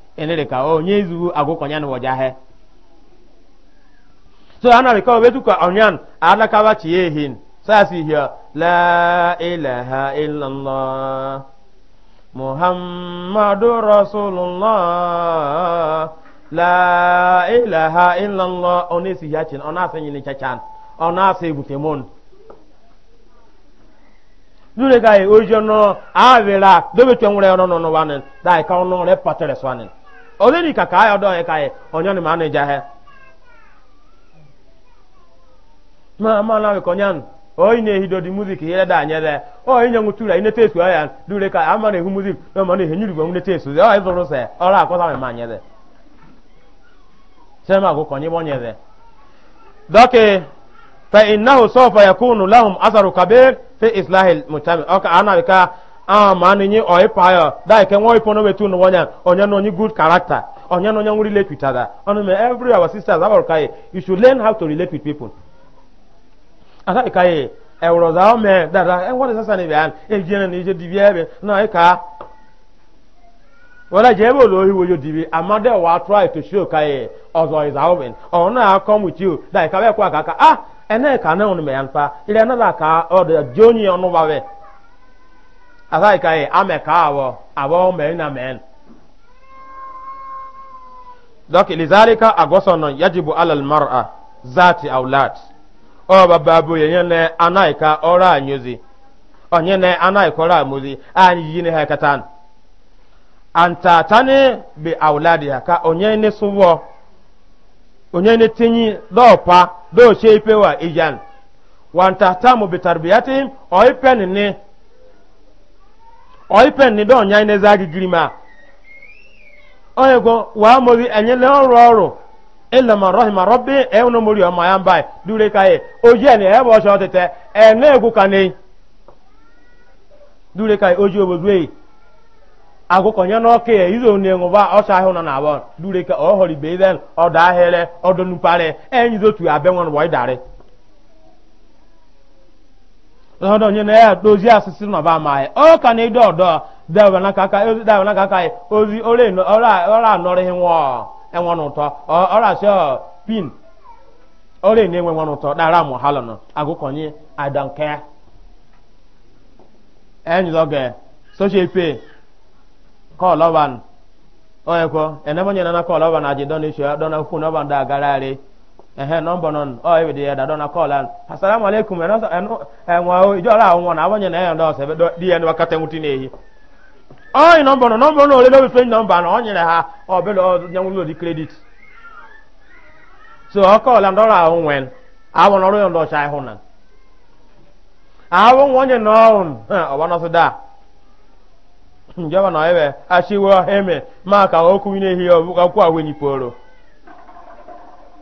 enere ka onye izu agụkọnyan wọjahe so ana rika wetu ka onyan adakawa chie ehin sasi hia la ila ha ilaha illallah muhammadu rasulullah la ila ha ilaha illallah onesi hia chin ona ase nyini chachan ona ase ebutemon dure ka e, ojo no avela dobe twenwure ono no no wanen dai ka ono re patere swanen ole ni kaka ayo do e kai onyo ni manu jahe ma ma na ko nyan o ine hido di music yele da nyele o ine ngutura ine tesu aya dure ka ama na hu music no ma na he nyuru gwa tesu o e zoro se ora akota me ma nyele sema go konyi bo nyele doke fa innahu sawfa yakunu lahum atharu kabir fi islahil mujtama o ka ana ka amani nye oyi paya da ike nwo ipo no betu no wanya onya no good character onya no nwere nwuri relate with other onu me every our sisters our kai you should learn how to relate with people asa kai e o me da da e sasa ni e je na ni je di e be na e ka wala je bo lo try to show kai ozo is yan asai ka ye ame ka awɔ awɔ mɛn na mɛn donc lizalika agosɔnɔ yajibu alal mar'a zati awlat ɔba babu ye nyɛnɛ anai ka ɔra anyozi ɔnyɛnɛ anai kɔra amozi anyi yi ne ha katan antatani bi awladiha ka onye ne suwɔ onye ne tinyi dɔɔpa dɔɔ sheipe wa ijan wantatamu bi tarbiyatihim ɔipe ne ne oipen ni don nyai neza gi girima oye go waa mori enyele ọrụ ọrụ ila ma rahima rabbi e wono mori o ma yan bai dure kai oje ni e bo so tete e na egu kane dure kai oje obodu e agụkọ nye n'ọka ya izo ne ngụba ọsọ ahụ nọ n'abọ dure ka ọ hori bezen ọ daa hele ọ dọnupare enyi zotu abịa nwanụ wọị darị ọdọ onye na ya dozi asịsị n'ọba ba ma ọ ka na ịdọ ọdọ dawa na kaka ozi ọrịa ọrụ anọrọ ihe nwọ enwe n'ụtọ ọrụ ọ pin ọrụ ene enwe nwe n'ụtọ dara mụ e ọ na na ajị agagharị ehe nọmba nọ ọ ebe dị oh, ya dadọ na kọl an asalamu alaikum enwe o ijọ ọla na abanye na ya ndọ ọsọ di ya n'wakata nwuti na ehi ọyị nọmba nọ nọmba nọ olele nọmba na ọ nyere ha ọ bụla ọ nyanwụlụ kredit so ọ kọl an dọrọ ahụ nwen awụ nọrọ nwa onye nọ ọhụrụ ọba nọsụ daa njọba nọ ebe eme ma ka okwu na ehi ahụ enyi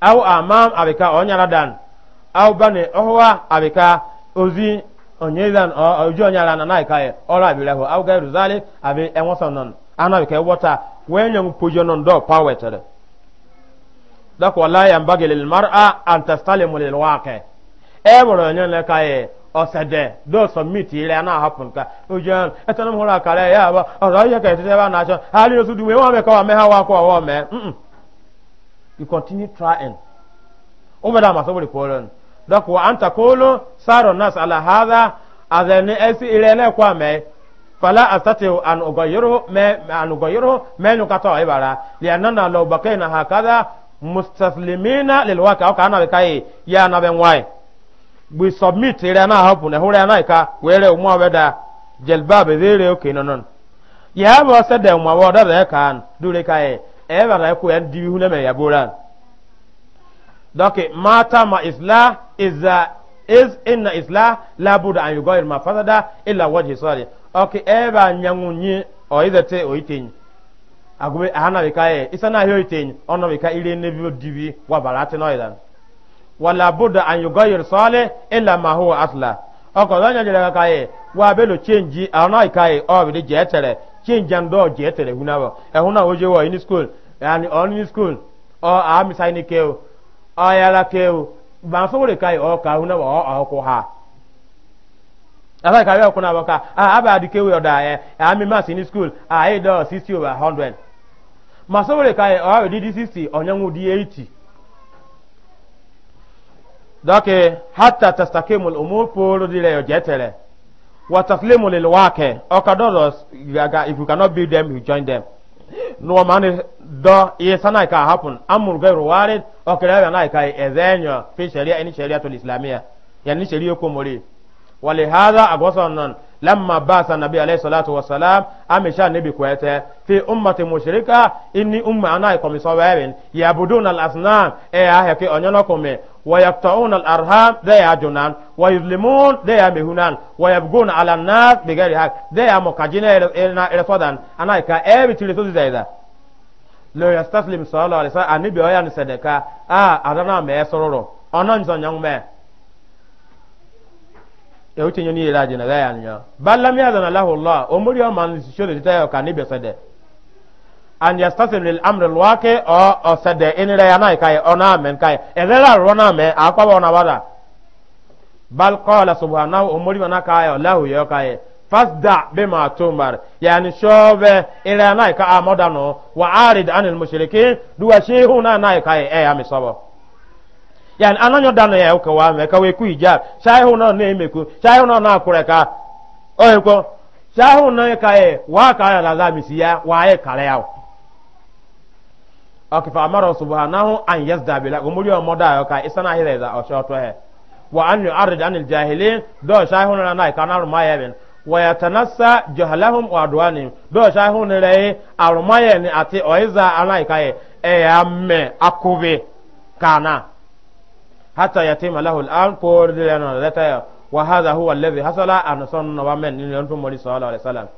aw amam abika onyara dan aw bani ohwa abika ozi onyedan oju onyara na naika ye ora abilahu aw gairu zalik abi enwosonon ana bika wota wenyo pujonon do pawetere dak wala ya lil mar'a an tastalimu lil waqi e woro onyen ka ye ọsẹdẹ dọsọ miti rẹ náà hapun ka ojú ẹtọ ya mo rà kàrẹ ka wọ ọrọ yẹ kẹsì sẹbà náà sọ àárín oṣù dùnmí wọn bẹ kọ wà mẹhà wà kọ ọwọ mẹ. you continue trying umar da masu wuri koron da kuwa an ta kolo saron nas ala hada a zane esi irele kwa mai fala astati an ugayiru me an ugayiru me nyuka to ibara li anna law baqina hakada mustaslimina lil waqa au kana kai ya na ben wai we submit ire na hapu na hore na ka were umwa weda jelbab zere okay nonon ya ba sada umwa wada da kan dure kai eba na ko yan dibi huna mai yaboran doke mata ma isla iza is inna isla la buda an yugoyir ma fasada illa wajhi sali oke eba nyangunyi o izete o itenyi agube ahana bika e isana hiyo itenyi ono bika ile nebi dibi wa balati no idan wala buda an yugoyir sali illa ma huwa asla oko donya jere ka e, wa belo change ana kai e, o bi je tere chinjan do je tere huna ba e huna oje wo in school yani on in school o a mi sai ni keo o ya la keo ba so le kai ah, o ka huna ba o ko ha asa ka yo kuna ba ka a aba di keo yo da e a mi ma in school ah, a e do 60 over 100 ma so le kai o di 60 onyanwu di 80 dɔke hatta tastakimul umur pooro di la yo jɛtɛlɛ wataslimu lil waqi o ka dɔ dɔ ga if you cannot beat them you join them nuwa mani dɔ iye sana ka happen amur gairu warid o kira na ka ezenyo fi sharia ini sharia tul islamia yani sharia ko mori wali hadha agwasan nan lamma basa nabi alayhi salatu wassalam amesha nabi kwete fi ummati mushrika inni umma ana ikomi so wewen yabudun al asnam e aheke onyono kome ويقطعون الأرحام ذي يجنان ويظلمون ذي مهنان ويبقون على الناس بغير حق ذي مكاجين إلى صدان أنا كا أبي تلتوز زي ذا لو يستسلم صلى الله عليه وسلم أني بيويا نسدكا آه أدنا ما يسرورو أنا نسان يوم ما يوتي نيني إلاجنا ذي يعني بل لم يأذن له الله أمري يوم أن نسيشو تايو كاني بيسدك an yastasim lil al o o sade inire ya nai kai ona men kai ezela rona me akwa bona bada bal qala subhanahu umuri mana kai allah yo kai fasda bima tumar yani shobe ila yana ka amoda no wa arid anil mushrikin duwa shehu na na kai e ya misabo yani ananyo dano ya me ka we ku shehu na shehu na na oyeko shehu na kai wa ya wa e kale akifa amara subhanahu an yazda bila gumuri wa moda yoka isana hire za oshoto he wa an yu'arid anil jahilin do shayhun na kana ma yabin wa yatanassa jahlahum wa adwani do shayhun re arumaye ni ati oiza alaika e amme akube kana hatta yatima lahu al-an ko dilana leta wa hadha huwa alladhi hasala an sunna wa man ni antum mali sallallahu alaihi wasallam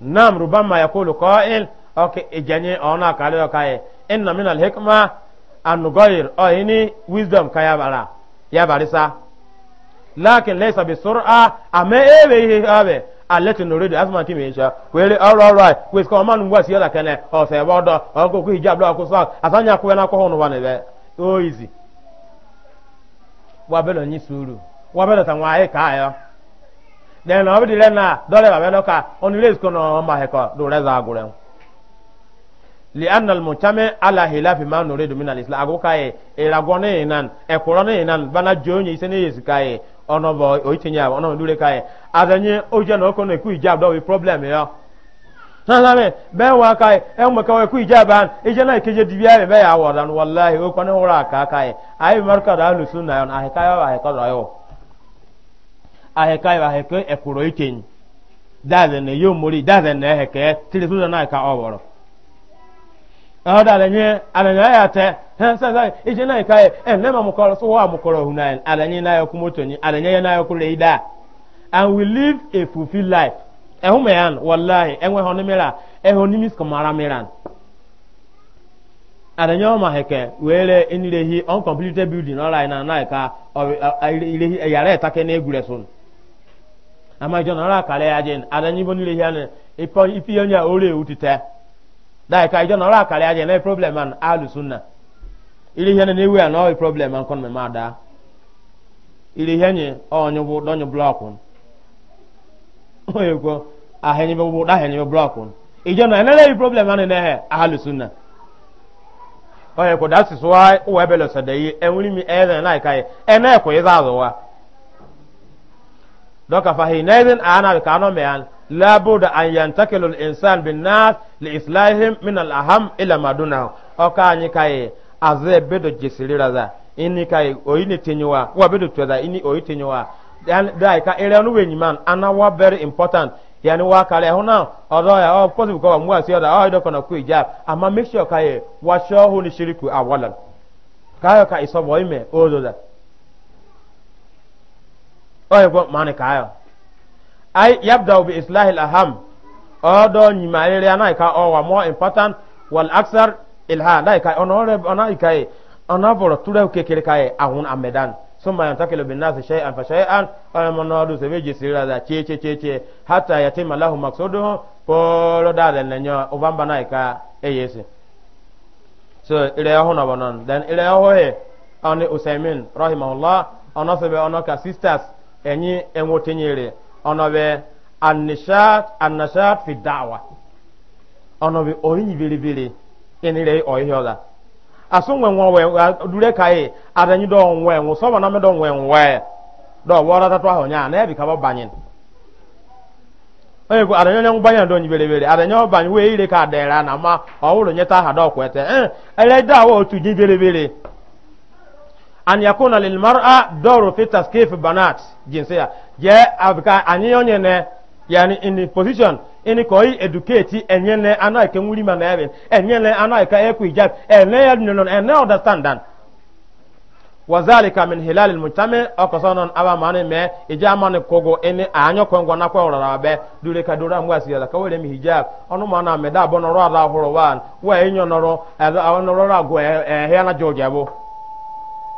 nam rubama yaqulu qa'il okay ijanye ona kale yoka e inna min alhikma an nugair o oh, wisdom ka yabara yabarisa lakin laysa bi sur'a ama ebe ihe abe alati nuridu asma ti meisha Were all right we ko ngwa si yola kene o se bodo o ko ku hijab do ko asanya ku na ko hono bane be o easy wa belo ni suru wa belo tan wa e ka den obidi dole ba belo ka no لأن المجتمع على خلاف ما نريد من الإسلام أقول كاي إلاغوني إنان إكوروني إنان بنا جوني إسني يسكاي أنا بو أيتنيا أنا بدو لكاي أذني أوجي نوكو نكو إجاب دو problem يا nasabe bɛn waa kaa ye ɛn mɛ kawo ku ija ban ija na keje dibiya mi bɛ yaa wɔdan walahi o kɔni hura kaa kaa ye a ye marika da alu sun na yɔn a he kaa yɔ a he ka dɔ yɔ a he kaa yɔ a he ka ɛkuro yi kyen daa ne yomori daa zɛ ne he kɛ na ka ɔ ọ dara nye alanya ya te ha ije na ika e eh, na ma mukoro so wa mukoro hu na alanya na yoku moto ni alanya ya na and we live a fulfilled life e hu me an wallahi enwe ho ni mira e ho ni mis komara mira ma heke were enirehi uncompleted building all right na na ika irehi yara etake na egure so ama jona ra kale ajin daka ka ijo nora kare na problem an alu sunna ili hene ni na no problem an kon me mada ili hene onyo bu donyo block un oyego a bụ ijo na na problem an ne he alu sunna oyego is why we belo sadai enwere mi eden na kai ene azụwa. yiza wa doka fahinaizen ana ka anọ لابد أن ينتقل الإنسان بالناس لإصلاحهم من الأهم إلى ما دونه أكاني كاي أزيب بدو جسري رضا إني كاي أويني تنيوا وبدو تدا إني أوي تنيوا داي كا إليانو وينيمان أنا وا very important yani wa kare na ọdọ ya ọ pọsibu kọ mu asi ọdọ ọ idọkọ na ku ija ama make sure ka wa sure ni shiriku awalan ka ka isobo ime ozo da ọ mani ka ay yabda bi islahi al-aham odo nyimarere anaika owa more important wal aksar ilha anaika onore anaika e onaboro ture kekere kai e, ahun amedan summa yantakilu bin nasi shay'an fa shay'an ay monodu se beji sira da che che che che hatta yatima lahu maqsuduhu polo dale nenyo obamba naika e yesi so ile hono bonon then ile hohe ani usaimin rahimahullah onasobe onoka sisters enyi enwotenyere ono be annishat annashat fi da'wa ono be oyin biri biri enire oyola asunwe nwa dure kai e, adanyi do nwe nwo so na me do nwe nwe do wora tatu aho nya na ebi ka banyin onye kwa adanyo nyangu banyin do nyibere bere adanyo banyin we ire ka dera na ma owuru nyeta ha do kwete eh ele da wo otu nyibere bere an yakuna lil mar'a dawru fi taskif banat jinsiya je abika anyi onye ne yani in position in ko yi educate enye ne ana ke nwuri ma na ebe enye ne ana ka eku ijab enye ya no no enye understand dan wazalika min hilal al mujtami akasanan aba mane me ijamane kogo ene anyo kongo na kwa orara be dure ka dura mu asiya ka wele mi hijab onu mana me da bonoro ala horo wan wa enyo noro ala onoro agwe ehia na jojo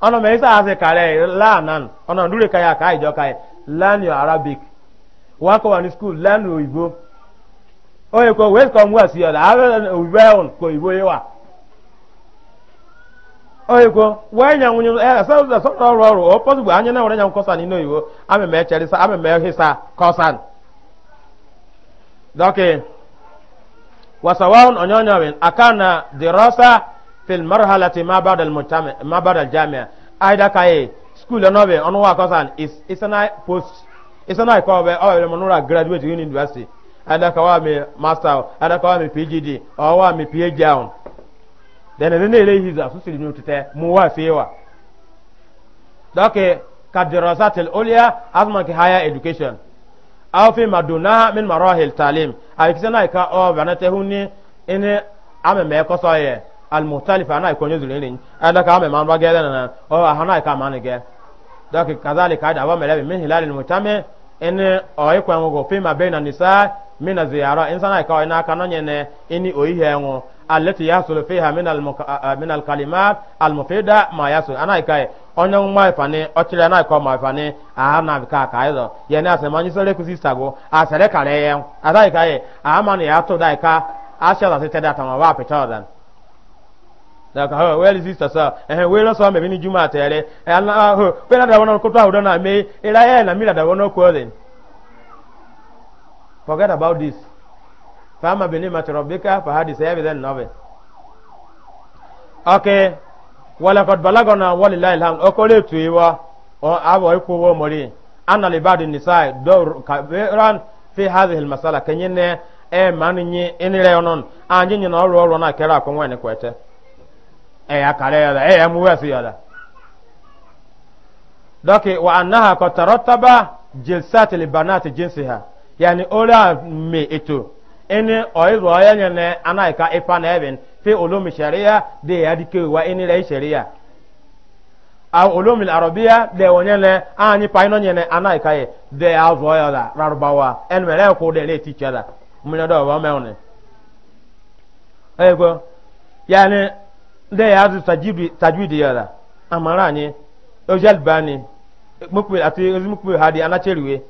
ọnọ mẹ isa ase kare laanan ọnọ ndure ka ya ka ijọ ka ya learn your arabic wọn kọ wọn ní school learn oyibo oye ko wait come west yọ la abẹ oyibo ẹhùn kò oyibo yẹ wa oye ko wọ́n ẹ̀yàn wọnyẹ ẹ ẹsẹ ẹsẹ ọrọ ọrọ ọ pọsibu anyi náà wọ́n ẹ̀yàn kọsa nínú oyibo amẹ mẹ ẹkyẹrẹ sa amẹ mẹ ẹhisa kọsan dọkì wasawahun ọnyọnyọmin akana dirọsa. fil marhalati ma ba'da al mujtama ma ba'da al jami'a aida kai school no be onu wa kosan is is an post is an i ko be o oh, le monura graduate in university aida ka wa me master aida ka wa me pgd o wa me phd on then ne ne le hiza su sili mi tete mu wa fewa doke kadirasat al ulya azma ki higher education aw fi madunaha min talim ay kisana ka o oh, banate ame me ko so almutalifa ana ikonyo zulini ada ka ma ba gele na o hana ka ma ge da ke kadhalika ada wa melebi min hilal almutame en o ikwa ngo pe ma baina nisa min ziyara insana ka ina ka no nyene ini o ihe ngo allati yasulu fiha min al min al kalimat al mufida ma yasul ana ka onyo ma fane o tire na ka ma fane a na ka ka ido ye na se manyu sele ku sister go a sele kare ye ada ka ye a ma ne ya to da ka ashala se tada ta ma wa pe to daga ha wel sister sa eh we na so me ni juma tere eh na ah, ho we na da wono ko ta hodo na me ira ya na mi da wono ko den forget about this fama bi nimat rabbika fa hadis ya bi den nabe okay wala qad balagana walillahi alhamd okole tuiwa o abo iko wo mori anna li badi nisai dor kabiran fi hadhihi almasala kenyene e eh, maninyi inire onon anyi na oro oro na kera akwa ne kwete eya kare yada eya muwesu yada doki wa annaha ko tarottaba jilsat libanati jinsiha yani ora me eto ene oizo oyenye ne anaika ifa na even fi ulumi sharia de ya dike wa ene re sharia a ulumi arabiya de wonye ne anyi paino nye ne anaika ye de azo yada rarubawa en mere ko de le teacher da munyo do wa meone ego yani ndị ya azụ tajwidi ya la amara anyị oji albani ati ozi mukpe ha dị anacheriwe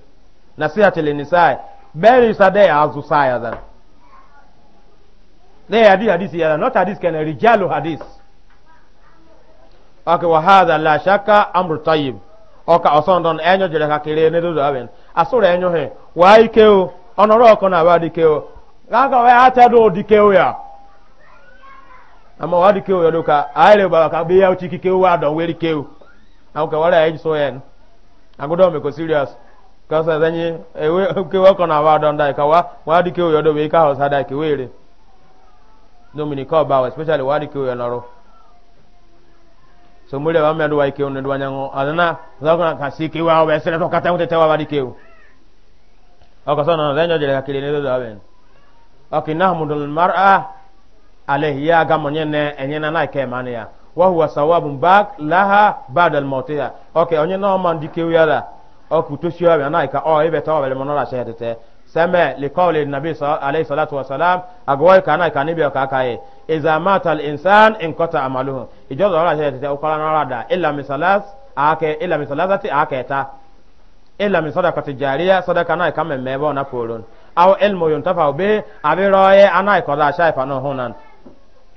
na si hatili nisai beri sa de ya azụ saa ya zara de ya hadis hadis ya la not hadis kene rijalu hadis aka wa hadha la shakka amru tayyib ọka ọsọndọn enyo jere ka kere ne dozo aben asụrụ enyo he wa ike o ọnọrọ ọkọ na abadike o ga ga wa ya ta do dike o ya ama wadi keu yodo ka aile baba ka be yaw chiki keu wa don weri keu au ka wala ayi so yen agodo me ko serious ka sa zanyi ewe ke wa kona wa don dai ka wa wadi keu yodo be ka ho sa dai ke were domini ko ba especially wadi keu yo noro so mule wa me do wa keu ne do nyango alana za kona ka si keu wa we sele to kata mute tawa wadi keu au ka so na zanyo jere ka kile ne do da ben akinahmudul mar'a alayhi ya ga monye ne enye na na ke mane ya wa huwa sawabun bak laha ba'da al mautiha okay onye na man dike wiara o kuto shi wa na ka o ibe tawa bele monora shehete seme li qawli nabi alayhi salatu wa salam agwa ka na ka nibi ka kai iza mata al insan in qata amaluhu ijo do ra shehete o kala na rada illa misalas ake illa misalasati ake ta illa min sadaqati jariya sadaqa na ka memme bo na polon aw ilmu yuntafa be abi roye anai ko da shaifa no hunan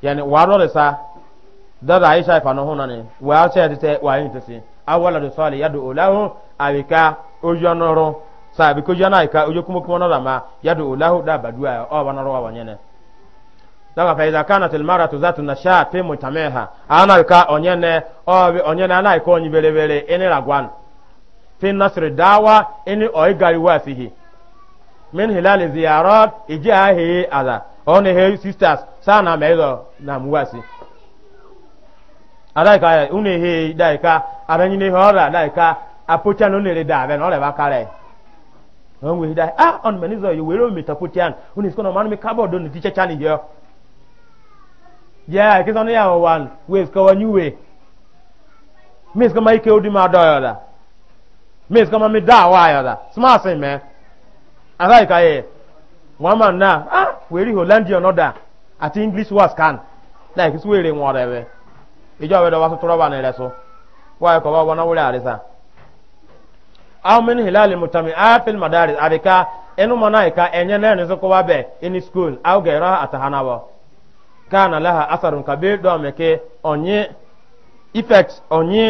yani waro da sa da da aisha fa no hono ne wa ce ta te wa yin ta awala da sali yadu ulahu abika ojo noro sa bi ko jana ka ojo kuma kuma noro ma yadu ulahu da badua o ba noro wa nyene daga fa idza kanat al maratu zatu nasha fi mutameha ana ka onyene o bi onyene ana ka onyi bere bere ene ragwan fi nasr dawa ene oigari wa fihi min hilal ziyarat ija hi ala on he sisters saa sana mezo na muwasi adaika une he daika aranyi ne hora daika apocha no nere da ben ole bakare on we dai ah were menizo you wero mi tapotian une skono man mi kabo don ti chechani yo yeah kizono ya wan we sko wanyuwe mis kama ike odi ma doyo da mis kama mi da wa yo da smart me adaika ye muhammad na ah weri hollandian another at english words can like sí wèrè wọn rẹ̀ bẹ́ ìjọ àwẹ̀dọ̀ wa tuntun rọ́bà nílẹ̀ so why ẹ̀kọ́ bá wọn náwó rẹ̀ àrísà. aomin hilali mutami apil madari àríkà ẹnu mọ́nà àríkà ẹ̀yẹ náà ní sọ́kọ́ wa bẹ̀ ẹni school àwùgẹ̀ ẹ̀rọ àtàhánàwọ̀ káànà lẹ́hà asàrùn kàbí dọ́ọ̀mẹ̀kẹ́ ọ̀nyẹ́ effect ọ̀nyẹ́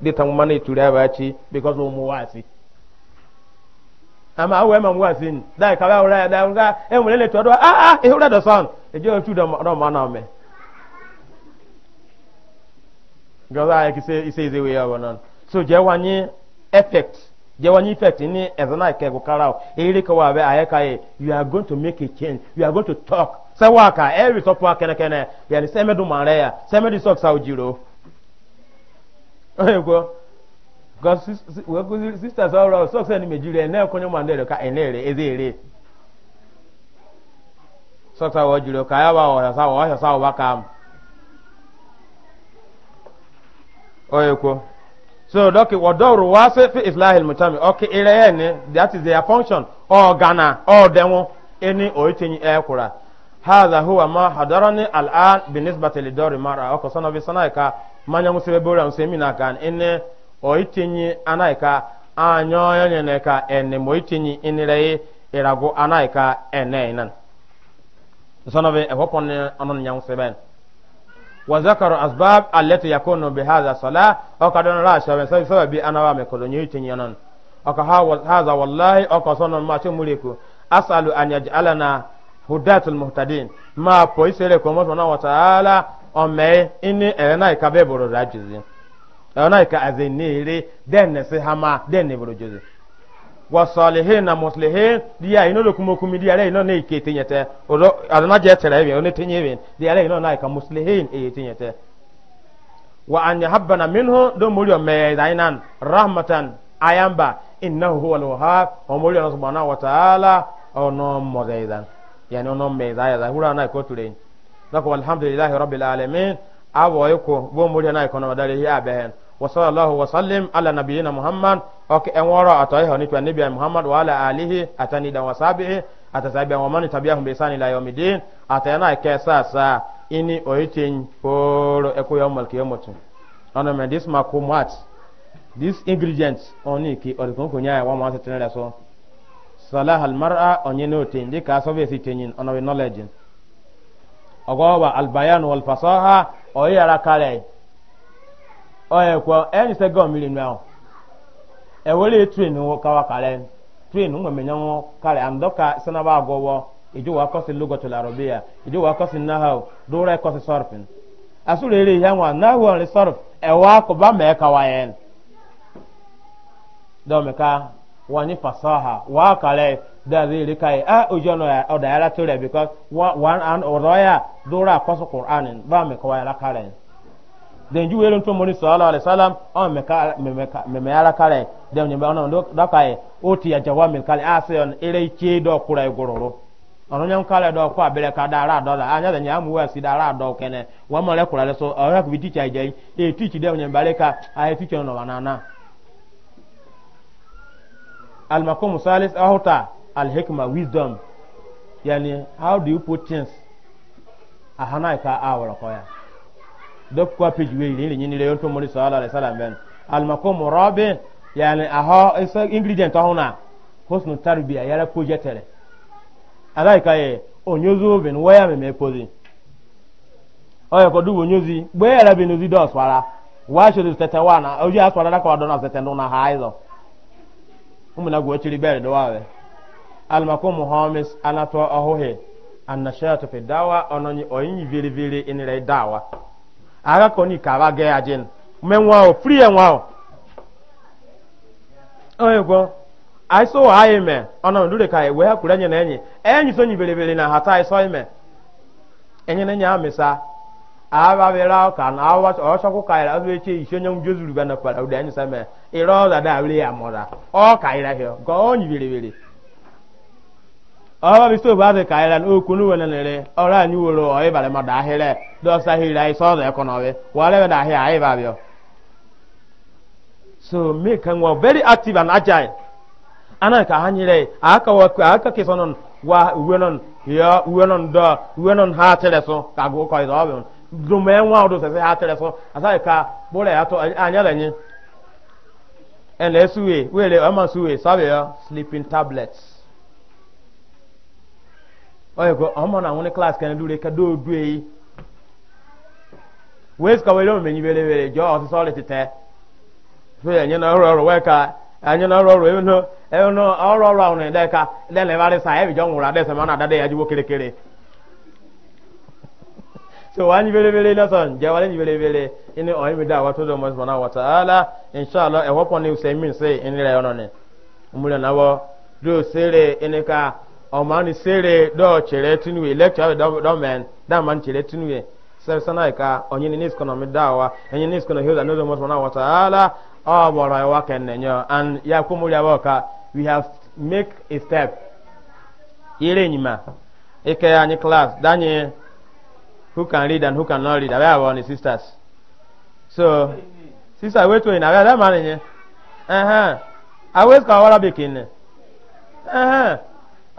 de tan mana itura ba ci because o mu wasi ama awo ma mu wasi ni da ka ba ora da nga e mu le to do ah ah e ora do son e je tu do do ma na me gaza e ki se ise ise we ya wonan so je wanyi effect je wanyi effect ni ezana e ke go kara o e ri ka wa be ayeka e you are going to make a change you are going to talk sɛ waka ɛri e sɔpɔ akɛnɛkɛnɛ yɛni sɛmɛdu mara ya sɛmɛdu sɔkisa ojiro ka wee kụziri sisters ọrụ ọrụ sọks en mejirie na-ekwenye mandere ka enere eze ere sọks awọ jiri ka ya ba ọhịa sawa ọhịa sawa ka m oyekwo so dọkị wọdọrụ wasị fi islahil mutami ọkị ire ya ni that is their function ọ gana ọ denwu eni oitinyi ekwura هذا هو ما حضرني الآن بالنسبة لدور مرة أكو سنة بسنة manya musebe bora nsemi na kan ene oitinyi anaika anyoyo nyene ka ene moitinyi inirei irago anaika ene inan sonobe ehopon anon nyang seben wa zakaru asbab allati yakunu bi hadha sala o kadon ra shaben sai sababi anawa me kolonyi tinyi anan aka hadha wallahi aka sonon ma chemuliku asalu an yaj'alana hudatul muhtadin ma poisere ko mo wa ta'ala ome ini elena ka be boro ra jizi elena ka azenire den ne se hama den ne boro jizi wa salihin na muslihin dia ino lo kumo kumi dia ino ne ikete nyete odo adana je tere bi one tenye ino na ka muslihin e yete nyete wa an yahabbana minhu do muri ome dainan rahmatan ayamba innahu na donc walhamdulillahi rabbil alamin abo yiko bo muri na ikono dare ya behen wa sallallahu wa sallim ala nabiyyina muhammad ok en woro atoy honi to nabi muhammad wa ala alihi atani da wasabihi atasabi wa man tabi'ahum bi sani la yawmiddin atayana ke sasa ini oyitin poro eko yawmal kiyamatun ono men this mako mat this ingredient oni ki orikon ko nyaa wa ma tetenere so salah al mar'a onye no tin dika so be fitenyin ono we knowledge ogoba albayan wal fasaha o yara kale o ye ko mmiri se go mili no e twin wo kawa kale twin mo menya wo kale andoka sana ba gowo ijo wa kosi lugoto la arabia ijo wa kosi nahaw dora kosi sarfin asule ile yanwa nahaw al sarf e wa ko ba me kawa yen do me ka fasaha wa kale that's really kai a ujono ya o da ya tore because one and oroya ra kwaso qur'anin ba me ko ya kare den ju welo to moni sallallahu alaihi wasallam on me ka me me ya kare dem nyimba on do da kai oti ya jawamil kale asion ire che do kura igororo ono nyam kale do kwa bere ka dara do la anya da nyam wa si ra do kene wa mole kura le so ora ku teacher jai e teach dem nyamba le ka a no al ahuta al-hikma wisdom yani how do you put things ahana ka awara koya dok kwa page we ni ni le yonto muri sala alaihi wasallam ben al-maqam rabi yani aha isa ingredient ahuna husnu tarbiya yara ko jetere alaika ye onyozo ben waya me mepozi oya ko duwo nyozi gbe yara be nozi do swara wa shodo tetawana oji aswara na ko do na setendo na haizo umuna go chiri bere do wawe almakomu homis anato ohuhi annashatu fi dawa ononyi oyinyi vili vili inire dawa aga koni kaba ge ajin menwao free enwao oyego aiso aime ona ndure kai we hakura enyi na enyi so nyibele bele na hata aiso ime enye nenya amisa aba bela ka na awa osho ku kai la be che isho nyam jozuru bana pala udanyi same iro da da wile amora o kai la hio go onyi bele bele ọba bi so baadhi kaayira ni okunu wele nere ọra anyi wolo ọyi bale ma daahire dọsa hiri ayi sọọdọ ẹkọ nọbi wọle ọ. so mi kan wọ very active and agile ana ka ha nyere aka wọ aka kisa nọ wa uwe nọ yọ uwe nọ dọ uwe nọn ha tere so ka agụ kọ e nwa ha ka ya tọ anya suwe oye ko ọmọ na nwụnye class kan dure ka do due yi e sika wee lọrọ menyi were were jọọ ọsịsọ ọrị tete so ya nye na ọrụ ọrụ wee ka anyị na ọrụ ọrụ ewu no ewu ọrụ ọrụ na na-ebe arịsa ebi jọ nwụrụ ma na ya jiwo so wa nyi were were lọsọn je wale nyi were were mi da wa to do na wa ta ala inshallah ọmọani sere dɔɔ kyerɛ tinuwe e, lɛkita dɔ dɔmɛn daaman kyerɛ tinuwe sɛbisana yi ka ɔnyini ne sikɔnɔmi daawa ɔnyini ne sikɔnɔ hiwza n'ozo mɔtɔmɔ naa wɔtɔ ala ɔbɔrɔ wa kɛnɛ nyɔ and yakumu yabɔ ka we have make a step yere nyima ike anyi class danyi who can read and who can not read abɛɛ awɔ ne sisters so sister wetu yi na abɛɛ dɛ maa ne nye ɛhɛn awɛsi ka awɔra bi Kinne.'" ne ɛhɛn.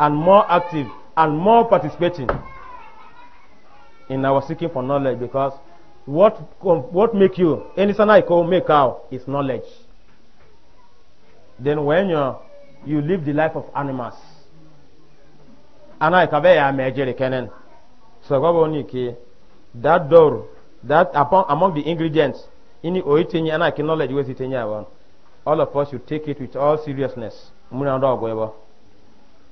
and more active and more participating in our seeking for knowledge because what what make you any sana I call make out is knowledge. Then when you you live the life of animals, ana ikabe ya mejere kenen. So gwabo ni ki that door that upon among the ingredients ini oitenye ana ki knowledge we sitenye awon. All of us should take it with all seriousness. Muna ndo agwebo.